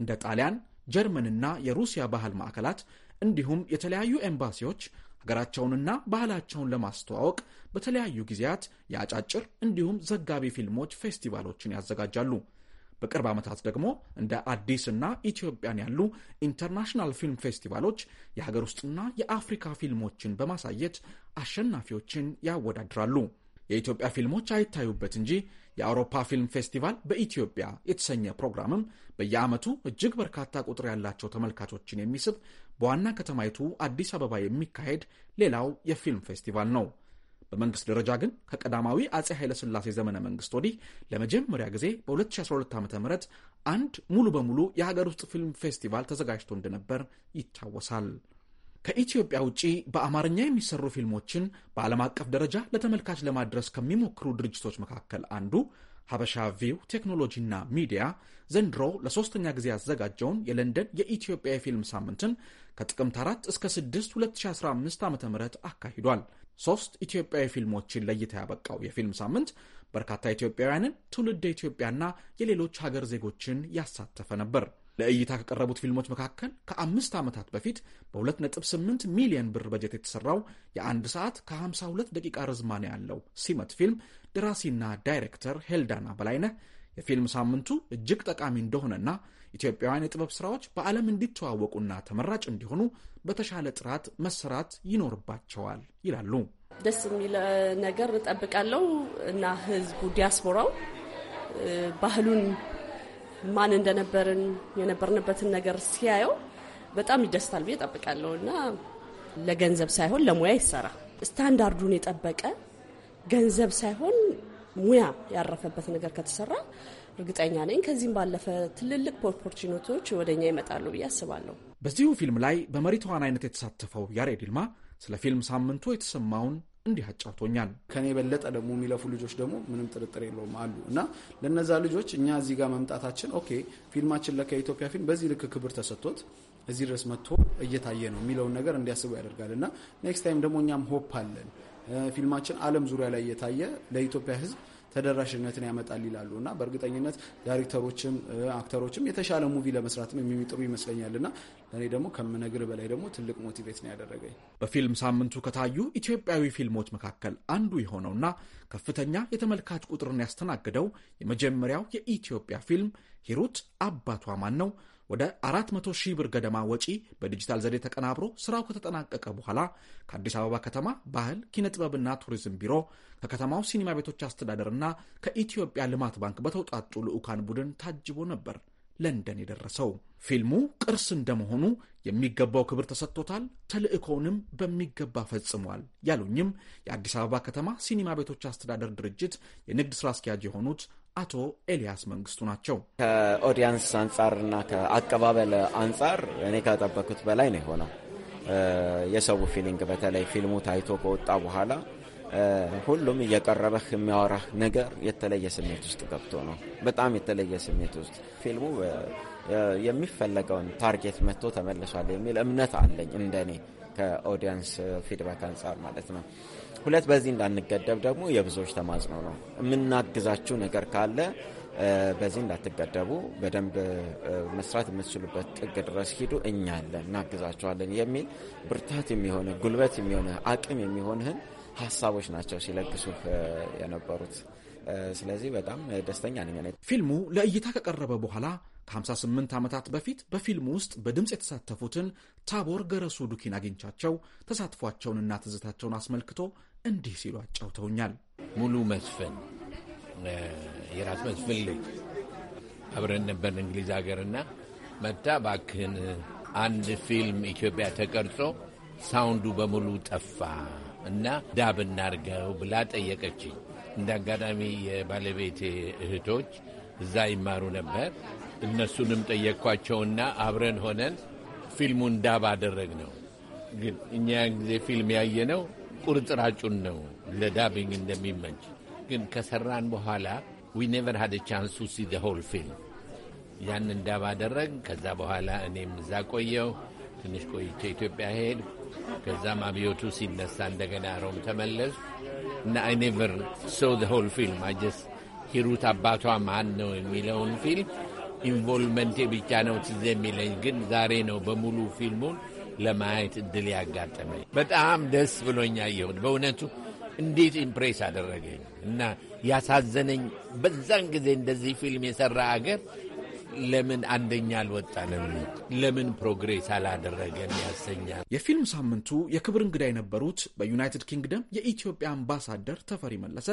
እንደ ጣሊያን፣ ጀርመንና የሩሲያ ባህል ማዕከላት እንዲሁም የተለያዩ ኤምባሲዎች ሀገራቸውንና ባህላቸውን ለማስተዋወቅ በተለያዩ ጊዜያት የአጫጭር እንዲሁም ዘጋቢ ፊልሞች ፌስቲቫሎችን ያዘጋጃሉ። በቅርብ ዓመታት ደግሞ እንደ አዲስ እና ኢትዮጵያን ያሉ ኢንተርናሽናል ፊልም ፌስቲቫሎች የሀገር ውስጥና የአፍሪካ ፊልሞችን በማሳየት አሸናፊዎችን ያወዳድራሉ። የኢትዮጵያ ፊልሞች አይታዩበት እንጂ የአውሮፓ ፊልም ፌስቲቫል በኢትዮጵያ የተሰኘ ፕሮግራምም በየዓመቱ እጅግ በርካታ ቁጥር ያላቸው ተመልካቾችን የሚስብ በዋና ከተማይቱ አዲስ አበባ የሚካሄድ ሌላው የፊልም ፌስቲቫል ነው። በመንግስት ደረጃ ግን ከቀዳማዊ አጼ ኃይለሥላሴ ዘመነ መንግስት ወዲህ ለመጀመሪያ ጊዜ በ2012 ዓ ም አንድ ሙሉ በሙሉ የሀገር ውስጥ ፊልም ፌስቲቫል ተዘጋጅቶ እንደነበር ይታወሳል። ከኢትዮጵያ ውጪ በአማርኛ የሚሰሩ ፊልሞችን በዓለም አቀፍ ደረጃ ለተመልካች ለማድረስ ከሚሞክሩ ድርጅቶች መካከል አንዱ ሀበሻ ቪው ቴክኖሎጂና ሚዲያ ዘንድሮ ለሶስተኛ ጊዜ ያዘጋጀውን የለንደን የኢትዮጵያ የፊልም ሳምንትን ከጥቅምት 4 እስከ 6 2015 ዓ ም አካሂዷል። ሶስት ኢትዮጵያዊ ፊልሞችን ለይታ ያበቃው የፊልም ሳምንት በርካታ ኢትዮጵያውያንን ትውልድ ኢትዮጵያና የሌሎች ሀገር ዜጎችን ያሳተፈ ነበር። ለእይታ ከቀረቡት ፊልሞች መካከል ከአምስት ዓመታት በፊት በ2.8 ሚሊዮን ብር በጀት የተሰራው የአንድ ሰዓት ከ52 ደቂቃ ርዝማኔ ያለው ሲመት ፊልም ደራሲና ዳይሬክተር ሄልዳና በላይነህ የፊልም ሳምንቱ እጅግ ጠቃሚ እንደሆነና ኢትዮጵያውያን የጥበብ ሥራዎች በዓለም እንዲተዋወቁና ተመራጭ እንዲሆኑ በተሻለ ጥራት መሰራት ይኖርባቸዋል ይላሉ። ደስ የሚል ነገር እጠብቃለሁ እና ህዝቡ ዲያስፖራው ባህሉን ማን እንደነበርን የነበርንበትን ነገር ሲያየው በጣም ይደስታል ብዬ ጠብቃለሁ እና ለገንዘብ ሳይሆን ለሙያ ይሰራ ስታንዳርዱን የጠበቀ ገንዘብ ሳይሆን ሙያ ያረፈበት ነገር ከተሰራ እርግጠኛ ነኝ ከዚህም ባለፈ ትልልቅ ኦፖርቹኒቲዎች ወደኛ ይመጣሉ ብዬ አስባለሁ። በዚሁ ፊልም ላይ በመሪ ተዋናይነት የተሳተፈው ያሬድ ይልማ ስለ ፊልም ሳምንቱ የተሰማውን እንዲህ አጫውቶኛል። ከኔ የበለጠ ደግሞ የሚለፉ ልጆች ደግሞ ምንም ጥርጥር የለውም አሉ እና ለነዛ ልጆች እኛ እዚህ ጋር መምጣታችን ኦኬ ፊልማችን ለካ የኢትዮጵያ ፊልም በዚህ ልክ ክብር ተሰጥቶት እዚህ ድረስ መጥቶ እየታየ ነው የሚለውን ነገር እንዲያስቡ ያደርጋል እና ኔክስት ታይም ደግሞ እኛም ሆፕ አለን ፊልማችን ዓለም ዙሪያ ላይ እየታየ ለኢትዮጵያ ሕዝብ ተደራሽነትን ያመጣል ይላሉ እና በእርግጠኝነት ዳይሬክተሮችም አክተሮችም የተሻለ ሙቪ ለመስራትም የሚጥሩ ይመስለኛል እና ለእኔ ደግሞ ከምነግር በላይ ደግሞ ትልቅ ሞቲቬት ነው ያደረገኝ። በፊልም ሳምንቱ ከታዩ ኢትዮጵያዊ ፊልሞች መካከል አንዱ የሆነውና ከፍተኛ የተመልካች ቁጥርን ያስተናግደው የመጀመሪያው የኢትዮጵያ ፊልም ሂሩት አባቷ ማን ነው ወደ 400 ሺህ ብር ገደማ ወጪ በዲጂታል ዘዴ ተቀናብሮ ስራው ከተጠናቀቀ በኋላ ከአዲስ አበባ ከተማ ባህል ኪነ ጥበብና ቱሪዝም ቢሮ ከከተማው ሲኒማ ቤቶች አስተዳደርና ከኢትዮጵያ ልማት ባንክ በተውጣጡ ልዑካን ቡድን ታጅቦ ነበር ለንደን የደረሰው። ፊልሙ ቅርስ እንደመሆኑ የሚገባው ክብር ተሰጥቶታል፣ ተልዕኮውንም በሚገባ ፈጽሟል ያሉኝም የአዲስ አበባ ከተማ ሲኒማ ቤቶች አስተዳደር ድርጅት የንግድ ስራ አስኪያጅ የሆኑት አቶ ኤልያስ መንግስቱ ናቸው። ከኦዲያንስ አንጻርና ከአቀባበል አንጻር እኔ ከጠበኩት በላይ ነው የሆነው። የሰው ፊሊንግ በተለይ ፊልሙ ታይቶ ከወጣ በኋላ ሁሉም እየቀረበህ የሚያወራህ ነገር የተለየ ስሜት ውስጥ ገብቶ ነው። በጣም የተለየ ስሜት ውስጥ ፊልሙ የሚፈለገውን ታርጌት መጥቶ ተመልሷል የሚል እምነት አለኝ እንደኔ ከኦዲያንስ ፊድባክ አንጻር ማለት ነው። ሁለት በዚህ እንዳንገደብ ደግሞ የብዙዎች ተማጽኖ ነው። የምናግዛችሁ ነገር ካለ በዚህ እንዳትገደቡ፣ በደንብ መስራት የምትችሉበት ጥግ ድረስ ሂዱ፣ እኛ አለን፣ እናግዛችኋለን የሚል ብርታት የሚሆን ጉልበት የሚሆን አቅም የሚሆንህን ሀሳቦች ናቸው ሲለግሱ የነበሩት። ስለዚህ በጣም ደስተኛ ነኝ። ፊልሙ ለእይታ ከቀረበ በኋላ ከ58 ዓመታት በፊት በፊልሙ ውስጥ በድምፅ የተሳተፉትን ታቦር ገረሱ ዱኪን አግኝቻቸው ተሳትፏቸውንና ትዝታቸውን አስመልክቶ እንዲህ ሲሉ አጫውተውኛል። ሙሉ መስፍን የራስ መስፍን ልጅ አብረን ነበር እንግሊዝ ሀገርና መታ ባክህን አንድ ፊልም ኢትዮጵያ ተቀርጾ ሳውንዱ በሙሉ ጠፋ እና ዳብ እናርገው ብላ ጠየቀችኝ። እንደ አጋጣሚ የባለቤቴ እህቶች እዛ ይማሩ ነበር። እነሱንም ጠየቅኳቸውና አብረን ሆነን ፊልሙን ዳብ አደረግ ነው። ግን እኛ ያን ጊዜ ፊልም ያየ ነው ቁርጥራጩን ነው ለዳቢንግ እንደሚመች ግን ከሰራን በኋላ ዊ ኔቨር ሀደ ቻንስ ቱ ሲ ዘ ሆል ፊልም ያን እንዳባደረግ ከዛ በኋላ እኔም እዛ ቆየው ትንሽ ቆይቼ ኢትዮጵያ ሄድ ከዛም አብዮቱ ሲነሳ እንደገና ሮም ተመለስ እና አይ ኔቨር ሶ ዘ ሆል ፊልም አጀስ ሂሩት አባቷ ማን ነው የሚለውን ፊልም ኢንቮልቭመንቴ ብቻ ነው ትዝ የሚለኝ ግን ዛሬ ነው በሙሉ ፊልሙን ለማየት እድል ያጋጠመኝ በጣም ደስ ብሎኛ የሁን በእውነቱ እንዴት ኢምፕሬስ አደረገኝ እና ያሳዘነኝ በዛን ጊዜ እንደዚህ ፊልም የሰራ አገር ለምን አንደኛ አልወጣንም? ለምን ፕሮግሬስ አላደረገም ያሰኛል። የፊልም ሳምንቱ የክብር እንግዳ የነበሩት በዩናይትድ ኪንግደም የኢትዮጵያ አምባሳደር ተፈሪ መለሰ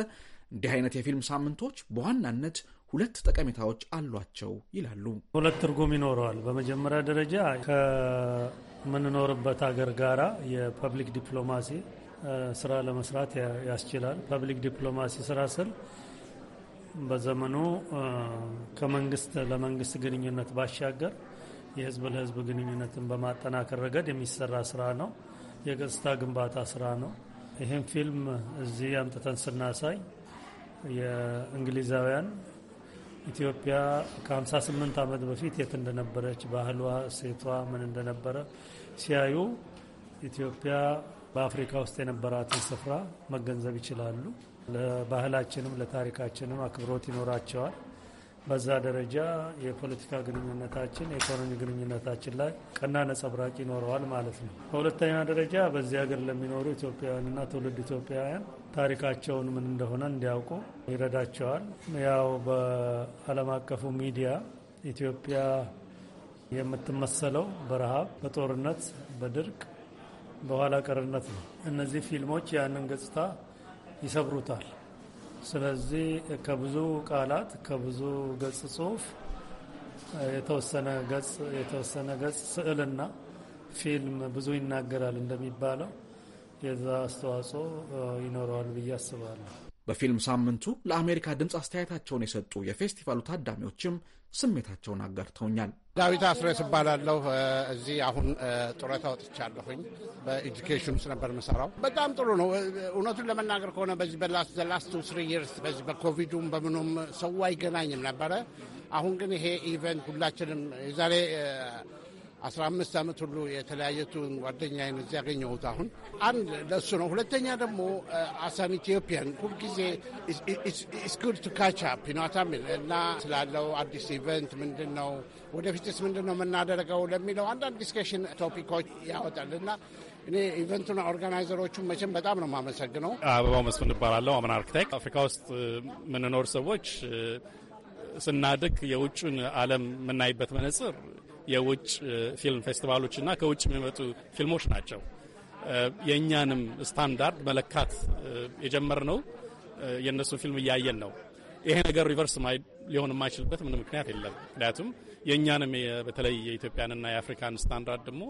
እንዲህ አይነት የፊልም ሳምንቶች በዋናነት ሁለት ጠቀሜታዎች አሏቸው ይላሉ። ሁለት ትርጉም ይኖረዋል። በመጀመሪያ ደረጃ የምንኖርበት ሀገር ጋራ የፐብሊክ ዲፕሎማሲ ስራ ለመስራት ያስችላል። ፐብሊክ ዲፕሎማሲ ስራ ስል በዘመኑ ከመንግስት ለመንግስት ግንኙነት ባሻገር የህዝብ ለህዝብ ግንኙነትን በማጠናከር ረገድ የሚሰራ ስራ ነው። የገጽታ ግንባታ ስራ ነው። ይህም ፊልም እዚህ አምጥተን ስናሳይ የእንግሊዛውያን ኢትዮጵያ ከ58 ዓመት በፊት የት እንደነበረች ባህሏ፣ ሴቷ ምን እንደነበረ ሲያዩ ኢትዮጵያ በአፍሪካ ውስጥ የነበራትን ስፍራ መገንዘብ ይችላሉ። ለባህላችንም ለታሪካችንም አክብሮት ይኖራቸዋል። በዛ ደረጃ የፖለቲካ ግንኙነታችን፣ የኢኮኖሚ ግንኙነታችን ላይ ቀና ነጸብራቅ ይኖረዋል ማለት ነው። በሁለተኛ ደረጃ በዚህ ሀገር ለሚኖሩ ኢትዮጵያውያንና ትውልድ ኢትዮጵያውያን ታሪካቸውን ምን እንደሆነ እንዲያውቁ ይረዳቸዋል። ያው በዓለም አቀፉ ሚዲያ ኢትዮጵያ የምትመሰለው በረሃብ፣ በጦርነት፣ በድርቅ፣ በኋላ ቀርነት ነው። እነዚህ ፊልሞች ያንን ገጽታ ይሰብሩታል። ስለዚህ ከብዙ ቃላት ከብዙ ገጽ ጽሁፍ የተወሰነ ገጽ የተወሰነ ገጽ ስዕልና ፊልም ብዙ ይናገራል እንደሚባለው የዛ አስተዋጽኦ ይኖረዋል ብዬ አስባለሁ። በፊልም ሳምንቱ ለአሜሪካ ድምፅ አስተያየታቸውን የሰጡ የፌስቲቫሉ ታዳሚዎችም ስሜታቸውን አጋርተውኛል። ዳዊት አስሬስ እባላለሁ። እዚህ አሁን ጡረታ ወጥቻለሁኝ። በኤጁኬሽን ውስጥ ነበር የምሰራው። በጣም ጥሩ ነው። እውነቱን ለመናገር ከሆነ በዚህ በላስት ላስት ስሪ ይርስ በዚህ በኮቪዱም በምኑም ሰው አይገናኝም ነበረ። አሁን ግን ይሄ ኢቨንት ሁላችንም የዛሬ አስራ አምስት ዓመት ሁሉ የተለያየቱን ጓደኛዬን እዚህ ያገኘሁት አሁን አንድ ለሱ ነው። ሁለተኛ ደግሞ አሳን ኢትዮጵያን ሁልጊዜ ስኩል ቱ ይኗታሚል እና ስላለው አዲስ ኢቨንት ምንድን ነው ወደፊትስ ምንድን ነው የምናደርገው ለሚለው አንዳንድ ዲስከሽን ቶፒኮች ያወጣል እና እኔ ኢቨንቱን ኦርጋናይዘሮቹን መቼም በጣም ነው የማመሰግነው። አበባው መስፍን እባላለሁ። አምን አርክቴክት። አፍሪካ ውስጥ የምንኖር ሰዎች ስናድግ የውጩን ዓለም የምናይበት መነጽር የውጭ ፊልም ፌስቲቫሎችና ከውጭ የሚመጡ ፊልሞች ናቸው። የእኛንም ስታንዳርድ መለካት የጀመርነው የእነሱን ፊልም እያየን ነው። ይሄ ነገር ሪቨርስ ሊሆን የማይችልበት ምንም ምክንያት የለም። ምክንያቱም የእኛንም በተለይ የኢትዮጵያንና የአፍሪካን ስታንዳርድ ደግሞ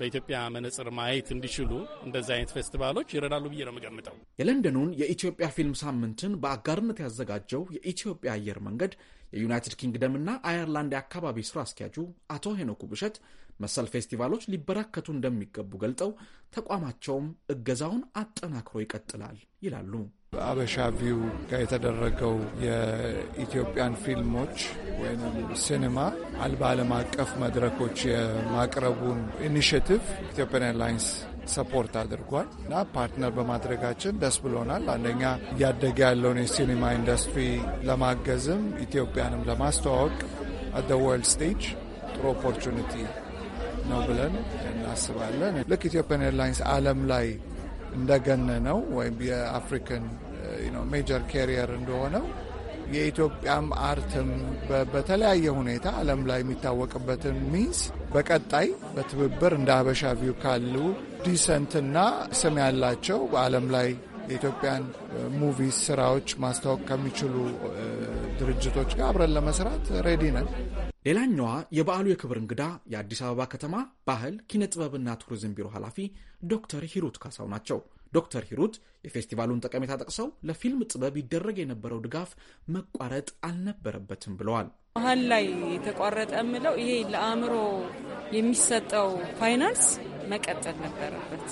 በኢትዮጵያ መነጽር ማየት እንዲችሉ እንደዚህ አይነት ፌስቲቫሎች ይረዳሉ ብዬ ነው የምገምጠው። የለንደኑን የኢትዮጵያ ፊልም ሳምንትን በአጋርነት ያዘጋጀው የኢትዮጵያ አየር መንገድ የዩናይትድ ኪንግደምና አየርላንድ የአካባቢ ስራ አስኪያጁ አቶ ሄኖክ ብሸት መሰል ፌስቲቫሎች ሊበራከቱ እንደሚገቡ ገልጠው ተቋማቸውም እገዛውን አጠናክሮ ይቀጥላል ይላሉ። በአበሻ ቪው ጋር የተደረገው የኢትዮጵያን ፊልሞች ወይም ሲኒማ አል በዓለም አቀፍ መድረኮች የማቅረቡን ኢኒሽቲቭ ኢትዮጵያን ኤርላይንስ ሰፖርት አድርጓል እና ፓርትነር በማድረጋችን ደስ ብሎናል። አንደኛ እያደገ ያለውን የሲኒማ ኢንዱስትሪ ለማገዝም ኢትዮጵያንም ለማስተዋወቅ አደ ወርልድ ስቴጅ ጥሩ ኦፖርቹኒቲ ነው ብለን እናስባለን። ልክ ኢትዮጵያን ኤርላይንስ ዓለም ላይ እንደገነነው ወይም የአፍሪካን ሜጀር ካሪየር እንደሆነው የኢትዮጵያም አርትም በተለያየ ሁኔታ ዓለም ላይ የሚታወቅበትን ሚንስ በቀጣይ በትብብር እንደ ሀበሻ ቪው ካሉ ዲሰንትና ስም ያላቸው በዓለም ላይ የኢትዮጵያን ሙቪ ስራዎች ማስታወቅ ከሚችሉ ድርጅቶች ጋር አብረን ለመስራት ሬዲ ነን። ሌላኛዋ የበዓሉ የክብር እንግዳ የአዲስ አበባ ከተማ ባህል ኪነ ጥበብና ቱሪዝም ቢሮ ኃላፊ ዶክተር ሂሩት ካሳው ናቸው። ዶክተር ሂሩት የፌስቲቫሉን ጠቀሜታ ጠቅሰው ለፊልም ጥበብ ይደረግ የነበረው ድጋፍ መቋረጥ አልነበረበትም ብለዋል። መሀል ላይ የተቋረጠ የምለው ይሄ ለአእምሮ የሚሰጠው ፋይናንስ መቀጠል ነበረበት።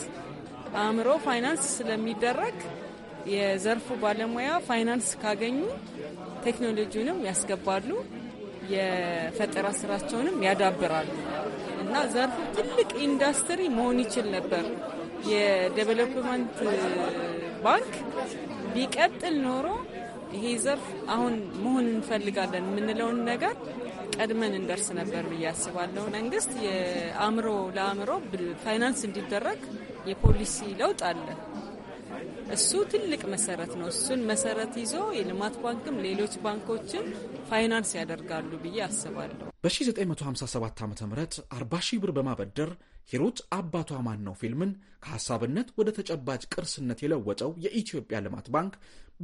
አእምሮ ፋይናንስ ስለሚደረግ የዘርፉ ባለሙያ ፋይናንስ ካገኙ ቴክኖሎጂውንም ያስገባሉ፣ የፈጠራ ስራቸውንም ያዳብራሉ እና ዘርፉ ትልቅ ኢንዱስትሪ መሆን ይችል ነበር። የዴቨሎፕመንት ባንክ ቢቀጥል ኖሮ ይሄ ዘርፍ አሁን መሆን እንፈልጋለን የምንለውን ነገር ቀድመን እንደርስ ነበር ብዬ አስባለሁ። መንግስት የአእምሮ ለአእምሮ ፋይናንስ እንዲደረግ የፖሊሲ ለውጥ አለ። እሱ ትልቅ መሰረት ነው። እሱን መሰረት ይዞ የልማት ባንክም ሌሎች ባንኮችን ፋይናንስ ያደርጋሉ ብዬ አስባለሁ። በ1957 ዓ ም 40 ሺህ ብር በማበደር ሂሩት አባቷ ማን ነው ፊልምን ከሐሳብነት ወደ ተጨባጭ ቅርስነት የለወጠው የኢትዮጵያ ልማት ባንክ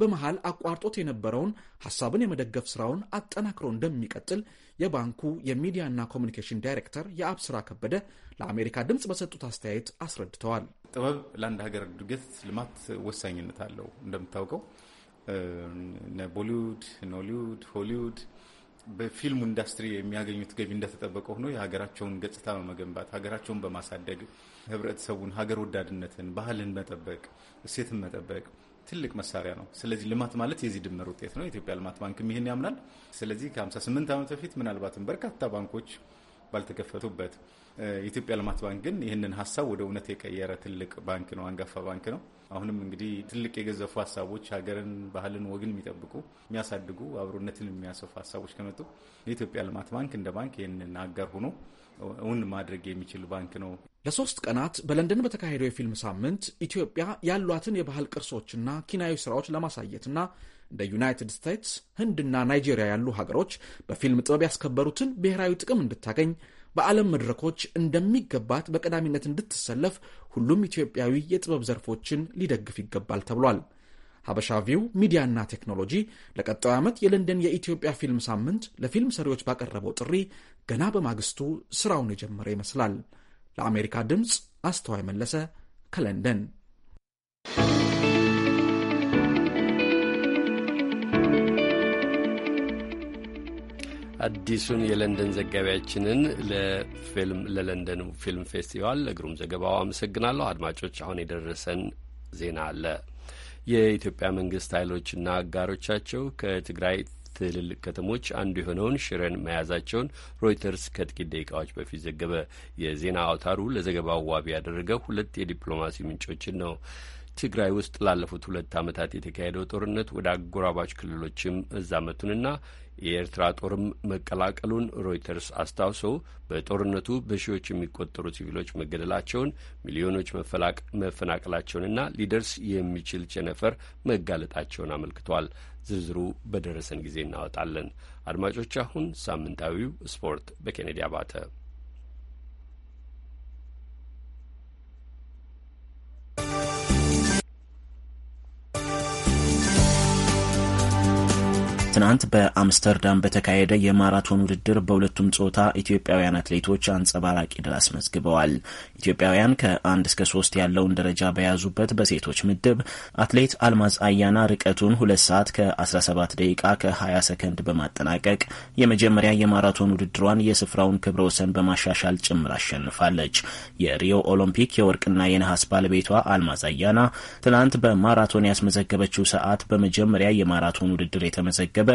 በመሃል አቋርጦት የነበረውን ሀሳብን የመደገፍ ስራውን አጠናክሮ እንደሚቀጥል የባንኩ የሚዲያና ኮሚኒኬሽን ዳይሬክተር የአብስራ ከበደ ለአሜሪካ ድምፅ በሰጡት አስተያየት አስረድተዋል። ጥበብ ለአንድ ሀገር እድገት፣ ልማት ወሳኝነት አለው። እንደምታውቀው ቦሊውድ፣ ኖሊውድ፣ ሆሊውድ በፊልሙ ኢንዱስትሪ የሚያገኙት ገቢ እንደተጠበቀ ሆኖ የሀገራቸውን ገጽታ በመገንባት ሀገራቸውን በማሳደግ ህብረተሰቡን ሀገር ወዳድነትን፣ ባህልን መጠበቅ፣ እሴትን መጠበቅ ትልቅ መሳሪያ ነው። ስለዚህ ልማት ማለት የዚህ ድምር ውጤት ነው። የኢትዮጵያ ልማት ባንክም ይህን ያምናል። ስለዚህ ከ58 ዓመት በፊት ምናልባትም በርካታ ባንኮች ባልተከፈቱበት የኢትዮጵያ ልማት ባንክ ግን ይህንን ሀሳብ ወደ እውነት የቀየረ ትልቅ ባንክ ነው። አንጋፋ ባንክ ነው። አሁንም እንግዲህ ትልቅ የገዘፉ ሀሳቦች ሀገርን፣ ባህልን፣ ወግን የሚጠብቁ የሚያሳድጉ፣ አብሮነትን የሚያሰፉ ሀሳቦች ከመጡ የኢትዮጵያ ልማት ባንክ እንደ ባንክ ይህንን አጋር ሆኖ እውን ማድረግ የሚችል ባንክ ነው። ለሶስት ቀናት በለንደን በተካሄደው የፊልም ሳምንት ኢትዮጵያ ያሏትን የባህል ቅርሶችና ኪናዊ ስራዎች ለማሳየትና እንደ ዩናይትድ ስቴትስ፣ ህንድና ናይጄሪያ ያሉ ሀገሮች በፊልም ጥበብ ያስከበሩትን ብሔራዊ ጥቅም እንድታገኝ በዓለም መድረኮች እንደሚገባት በቀዳሚነት እንድትሰለፍ ሁሉም ኢትዮጵያዊ የጥበብ ዘርፎችን ሊደግፍ ይገባል ተብሏል። ሀበሻ ሚዲያ ሚዲያና ቴክኖሎጂ ለቀጣዩ ዓመት የለንደን የኢትዮጵያ ፊልም ሳምንት ለፊልም ሰሪዎች ባቀረበው ጥሪ ገና በማግስቱ ስራውን የጀመረ ይመስላል። ለአሜሪካ ድምፅ አስተዋይ መለሰ ከለንደን። አዲሱን የለንደን ዘጋቢያችንን ለፊልም ለለንደን ፊልም ፌስቲቫል ለግሩም ዘገባው አመሰግናለሁ። አድማጮች፣ አሁን የደረሰን ዜና አለ። የኢትዮጵያ መንግስት ኃይሎችና አጋሮቻቸው ከትግራይ ትልልቅ ከተሞች አንዱ የሆነውን ሽረን መያዛቸውን ሮይተርስ ከጥቂት ደቂቃዎች በፊት ዘገበ። የዜና አውታሩ ለዘገባው ዋቢ ያደረገው ሁለት የዲፕሎማሲ ምንጮችን ነው። ትግራይ ውስጥ ላለፉት ሁለት ዓመታት የተካሄደው ጦርነት ወደ አጎራባች ክልሎችም መዛመቱንና የኤርትራ ጦርም መቀላቀሉን ሮይተርስ አስታውሶ በጦርነቱ በሺዎች የሚቆጠሩ ሲቪሎች መገደላቸውን፣ ሚሊዮኖች መፈናቀላቸውንና ሊደርስ የሚችል ቸነፈር መጋለጣቸውን አመልክቷል። ዝርዝሩ በደረሰን ጊዜ እናወጣለን። አድማጮች፣ አሁን ሳምንታዊው ስፖርት በኬኔዲ አባተ ትናንት በአምስተርዳም በተካሄደ የማራቶን ውድድር በሁለቱም ጾታ ኢትዮጵያውያን አትሌቶች አንጸባራቂ ድል አስመዝግበዋል። ኢትዮጵያውያን ከአንድ እስከ ሶስት ያለውን ደረጃ በያዙበት በሴቶች ምድብ አትሌት አልማዝ አያና ርቀቱን ሁለት ሰዓት ከ17 ደቂቃ ከ20 ሰከንድ በማጠናቀቅ የመጀመሪያ የማራቶን ውድድሯን የስፍራውን ክብረ ወሰን በማሻሻል ጭምር አሸንፋለች። የሪዮ ኦሎምፒክ የወርቅና የነሐስ ባለቤቷ አልማዝ አያና ትናንት በማራቶን ያስመዘገበችው ሰዓት በመጀመሪያ የማራቶን ውድድር የተመዘገበ የተመዘገበ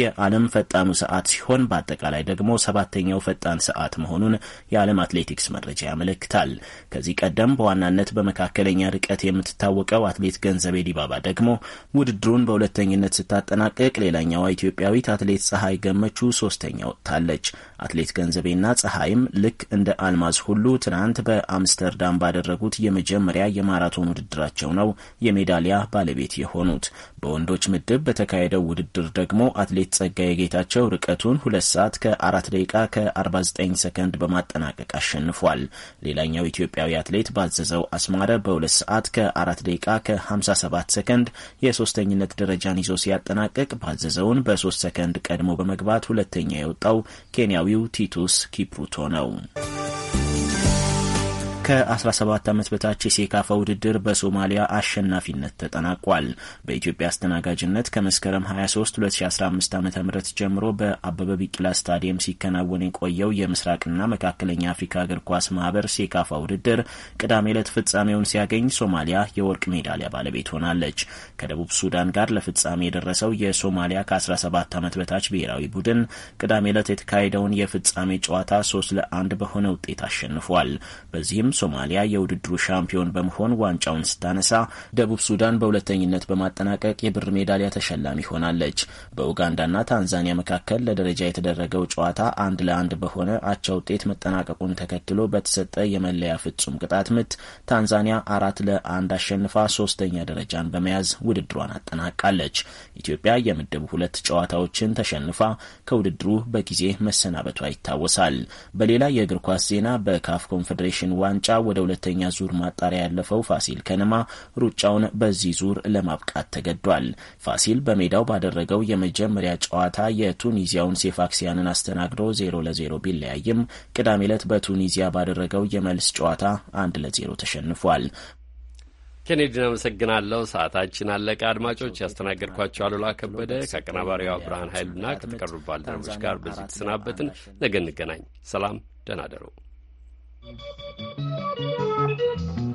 የዓለም ፈጣኑ ሰዓት ሲሆን በአጠቃላይ ደግሞ ሰባተኛው ፈጣን ሰዓት መሆኑን የዓለም አትሌቲክስ መረጃ ያመለክታል። ከዚህ ቀደም በዋናነት በመካከለኛ ርቀት የምትታወቀው አትሌት ገንዘቤ ዲባባ ደግሞ ውድድሩን በሁለተኝነት ስታጠናቀቅ፣ ሌላኛዋ ኢትዮጵያዊት አትሌት ፀሐይ ገመቹ ሶስተኛ ወጥታለች። አትሌት ገንዘቤና ፀሐይም ልክ እንደ አልማዝ ሁሉ ትናንት በአምስተርዳም ባደረጉት የመጀመሪያ የማራቶን ውድድራቸው ነው የሜዳሊያ ባለቤት የሆኑት። በወንዶች ምድብ በተካሄደው ውድድር ደግሞ አትሌት ጸጋዬ ጌታቸው ርቀቱን ሁለት ሰዓት ከአራት ደቂቃ ከ49 ሰከንድ በማጠናቀቅ አሸንፏል። ሌላኛው ኢትዮጵያዊ አትሌት ባዘዘው አስማረ በሁለት ሰዓት ከአራት ደቂቃ ከ57 ሰከንድ የሶስተኝነት ደረጃን ይዞ ሲያጠናቅቅ ባዘዘውን በሶስት ሰከንድ ቀድሞ በመግባት ሁለተኛ የወጣው ኬንያዊ huyu Titus Kiprutonau. ከ17 ዓመት በታች የሴካፋ ውድድር በሶማሊያ አሸናፊነት ተጠናቋል። በኢትዮጵያ አስተናጋጅነት ከመስከረም 23 2015 ዓ ም ጀምሮ በአበበ ቢቂላ ስታዲየም ሲከናወን የቆየው የምስራቅና መካከለኛ አፍሪካ እግር ኳስ ማህበር ሴካፋ ውድድር ቅዳሜ ዕለት ፍጻሜውን ሲያገኝ ሶማሊያ የወርቅ ሜዳሊያ ባለቤት ሆናለች። ከደቡብ ሱዳን ጋር ለፍጻሜ የደረሰው የሶማሊያ ከ17 ዓመት በታች ብሔራዊ ቡድን ቅዳሜ ዕለት የተካሄደውን የፍጻሜ ጨዋታ 3 ለአንድ በሆነ ውጤት አሸንፏል። በዚህም ሆኖም ሶማሊያ የውድድሩ ሻምፒዮን በመሆን ዋንጫውን ስታነሳ፣ ደቡብ ሱዳን በሁለተኝነት በማጠናቀቅ የብር ሜዳሊያ ተሸላሚ ሆናለች። በኡጋንዳና ታንዛኒያ መካከል ለደረጃ የተደረገው ጨዋታ አንድ ለአንድ በሆነ አቻ ውጤት መጠናቀቁን ተከትሎ በተሰጠ የመለያ ፍጹም ቅጣት ምት ታንዛኒያ አራት ለአንድ አሸንፋ ሶስተኛ ደረጃን በመያዝ ውድድሯን አጠናቃለች። ኢትዮጵያ የምድብ ሁለት ጨዋታዎችን ተሸንፋ ከውድድሩ በጊዜ መሰናበቷ ይታወሳል። በሌላ የእግር ኳስ ዜና በካፍ ኮንፌዴሬሽን ዋን ዋንጫ ወደ ሁለተኛ ዙር ማጣሪያ ያለፈው ፋሲል ከነማ ሩጫውን በዚህ ዙር ለማብቃት ተገዷል። ፋሲል በሜዳው ባደረገው የመጀመሪያ ጨዋታ የቱኒዚያውን ሴፋክሲያንን አስተናግዶ ዜሮ ለዜሮ ቢለያይም ቅዳሜ ዕለት በቱኒዚያ ባደረገው የመልስ ጨዋታ አንድ ለዜሮ ተሸንፏል። ኬኔዲን አመሰግናለሁ። ሰዓታችን አለቀ። አድማጮች ያስተናገድኳቸው አሉላ ከበደ ከአቀናባሪዋ ብርሃን ኃይሉና ከተቀሩ ባልደረቦች ጋር በዚህ ተሰናበትን። ነገ እንገናኝ። ሰላም፣ ደህና ደሩ። Música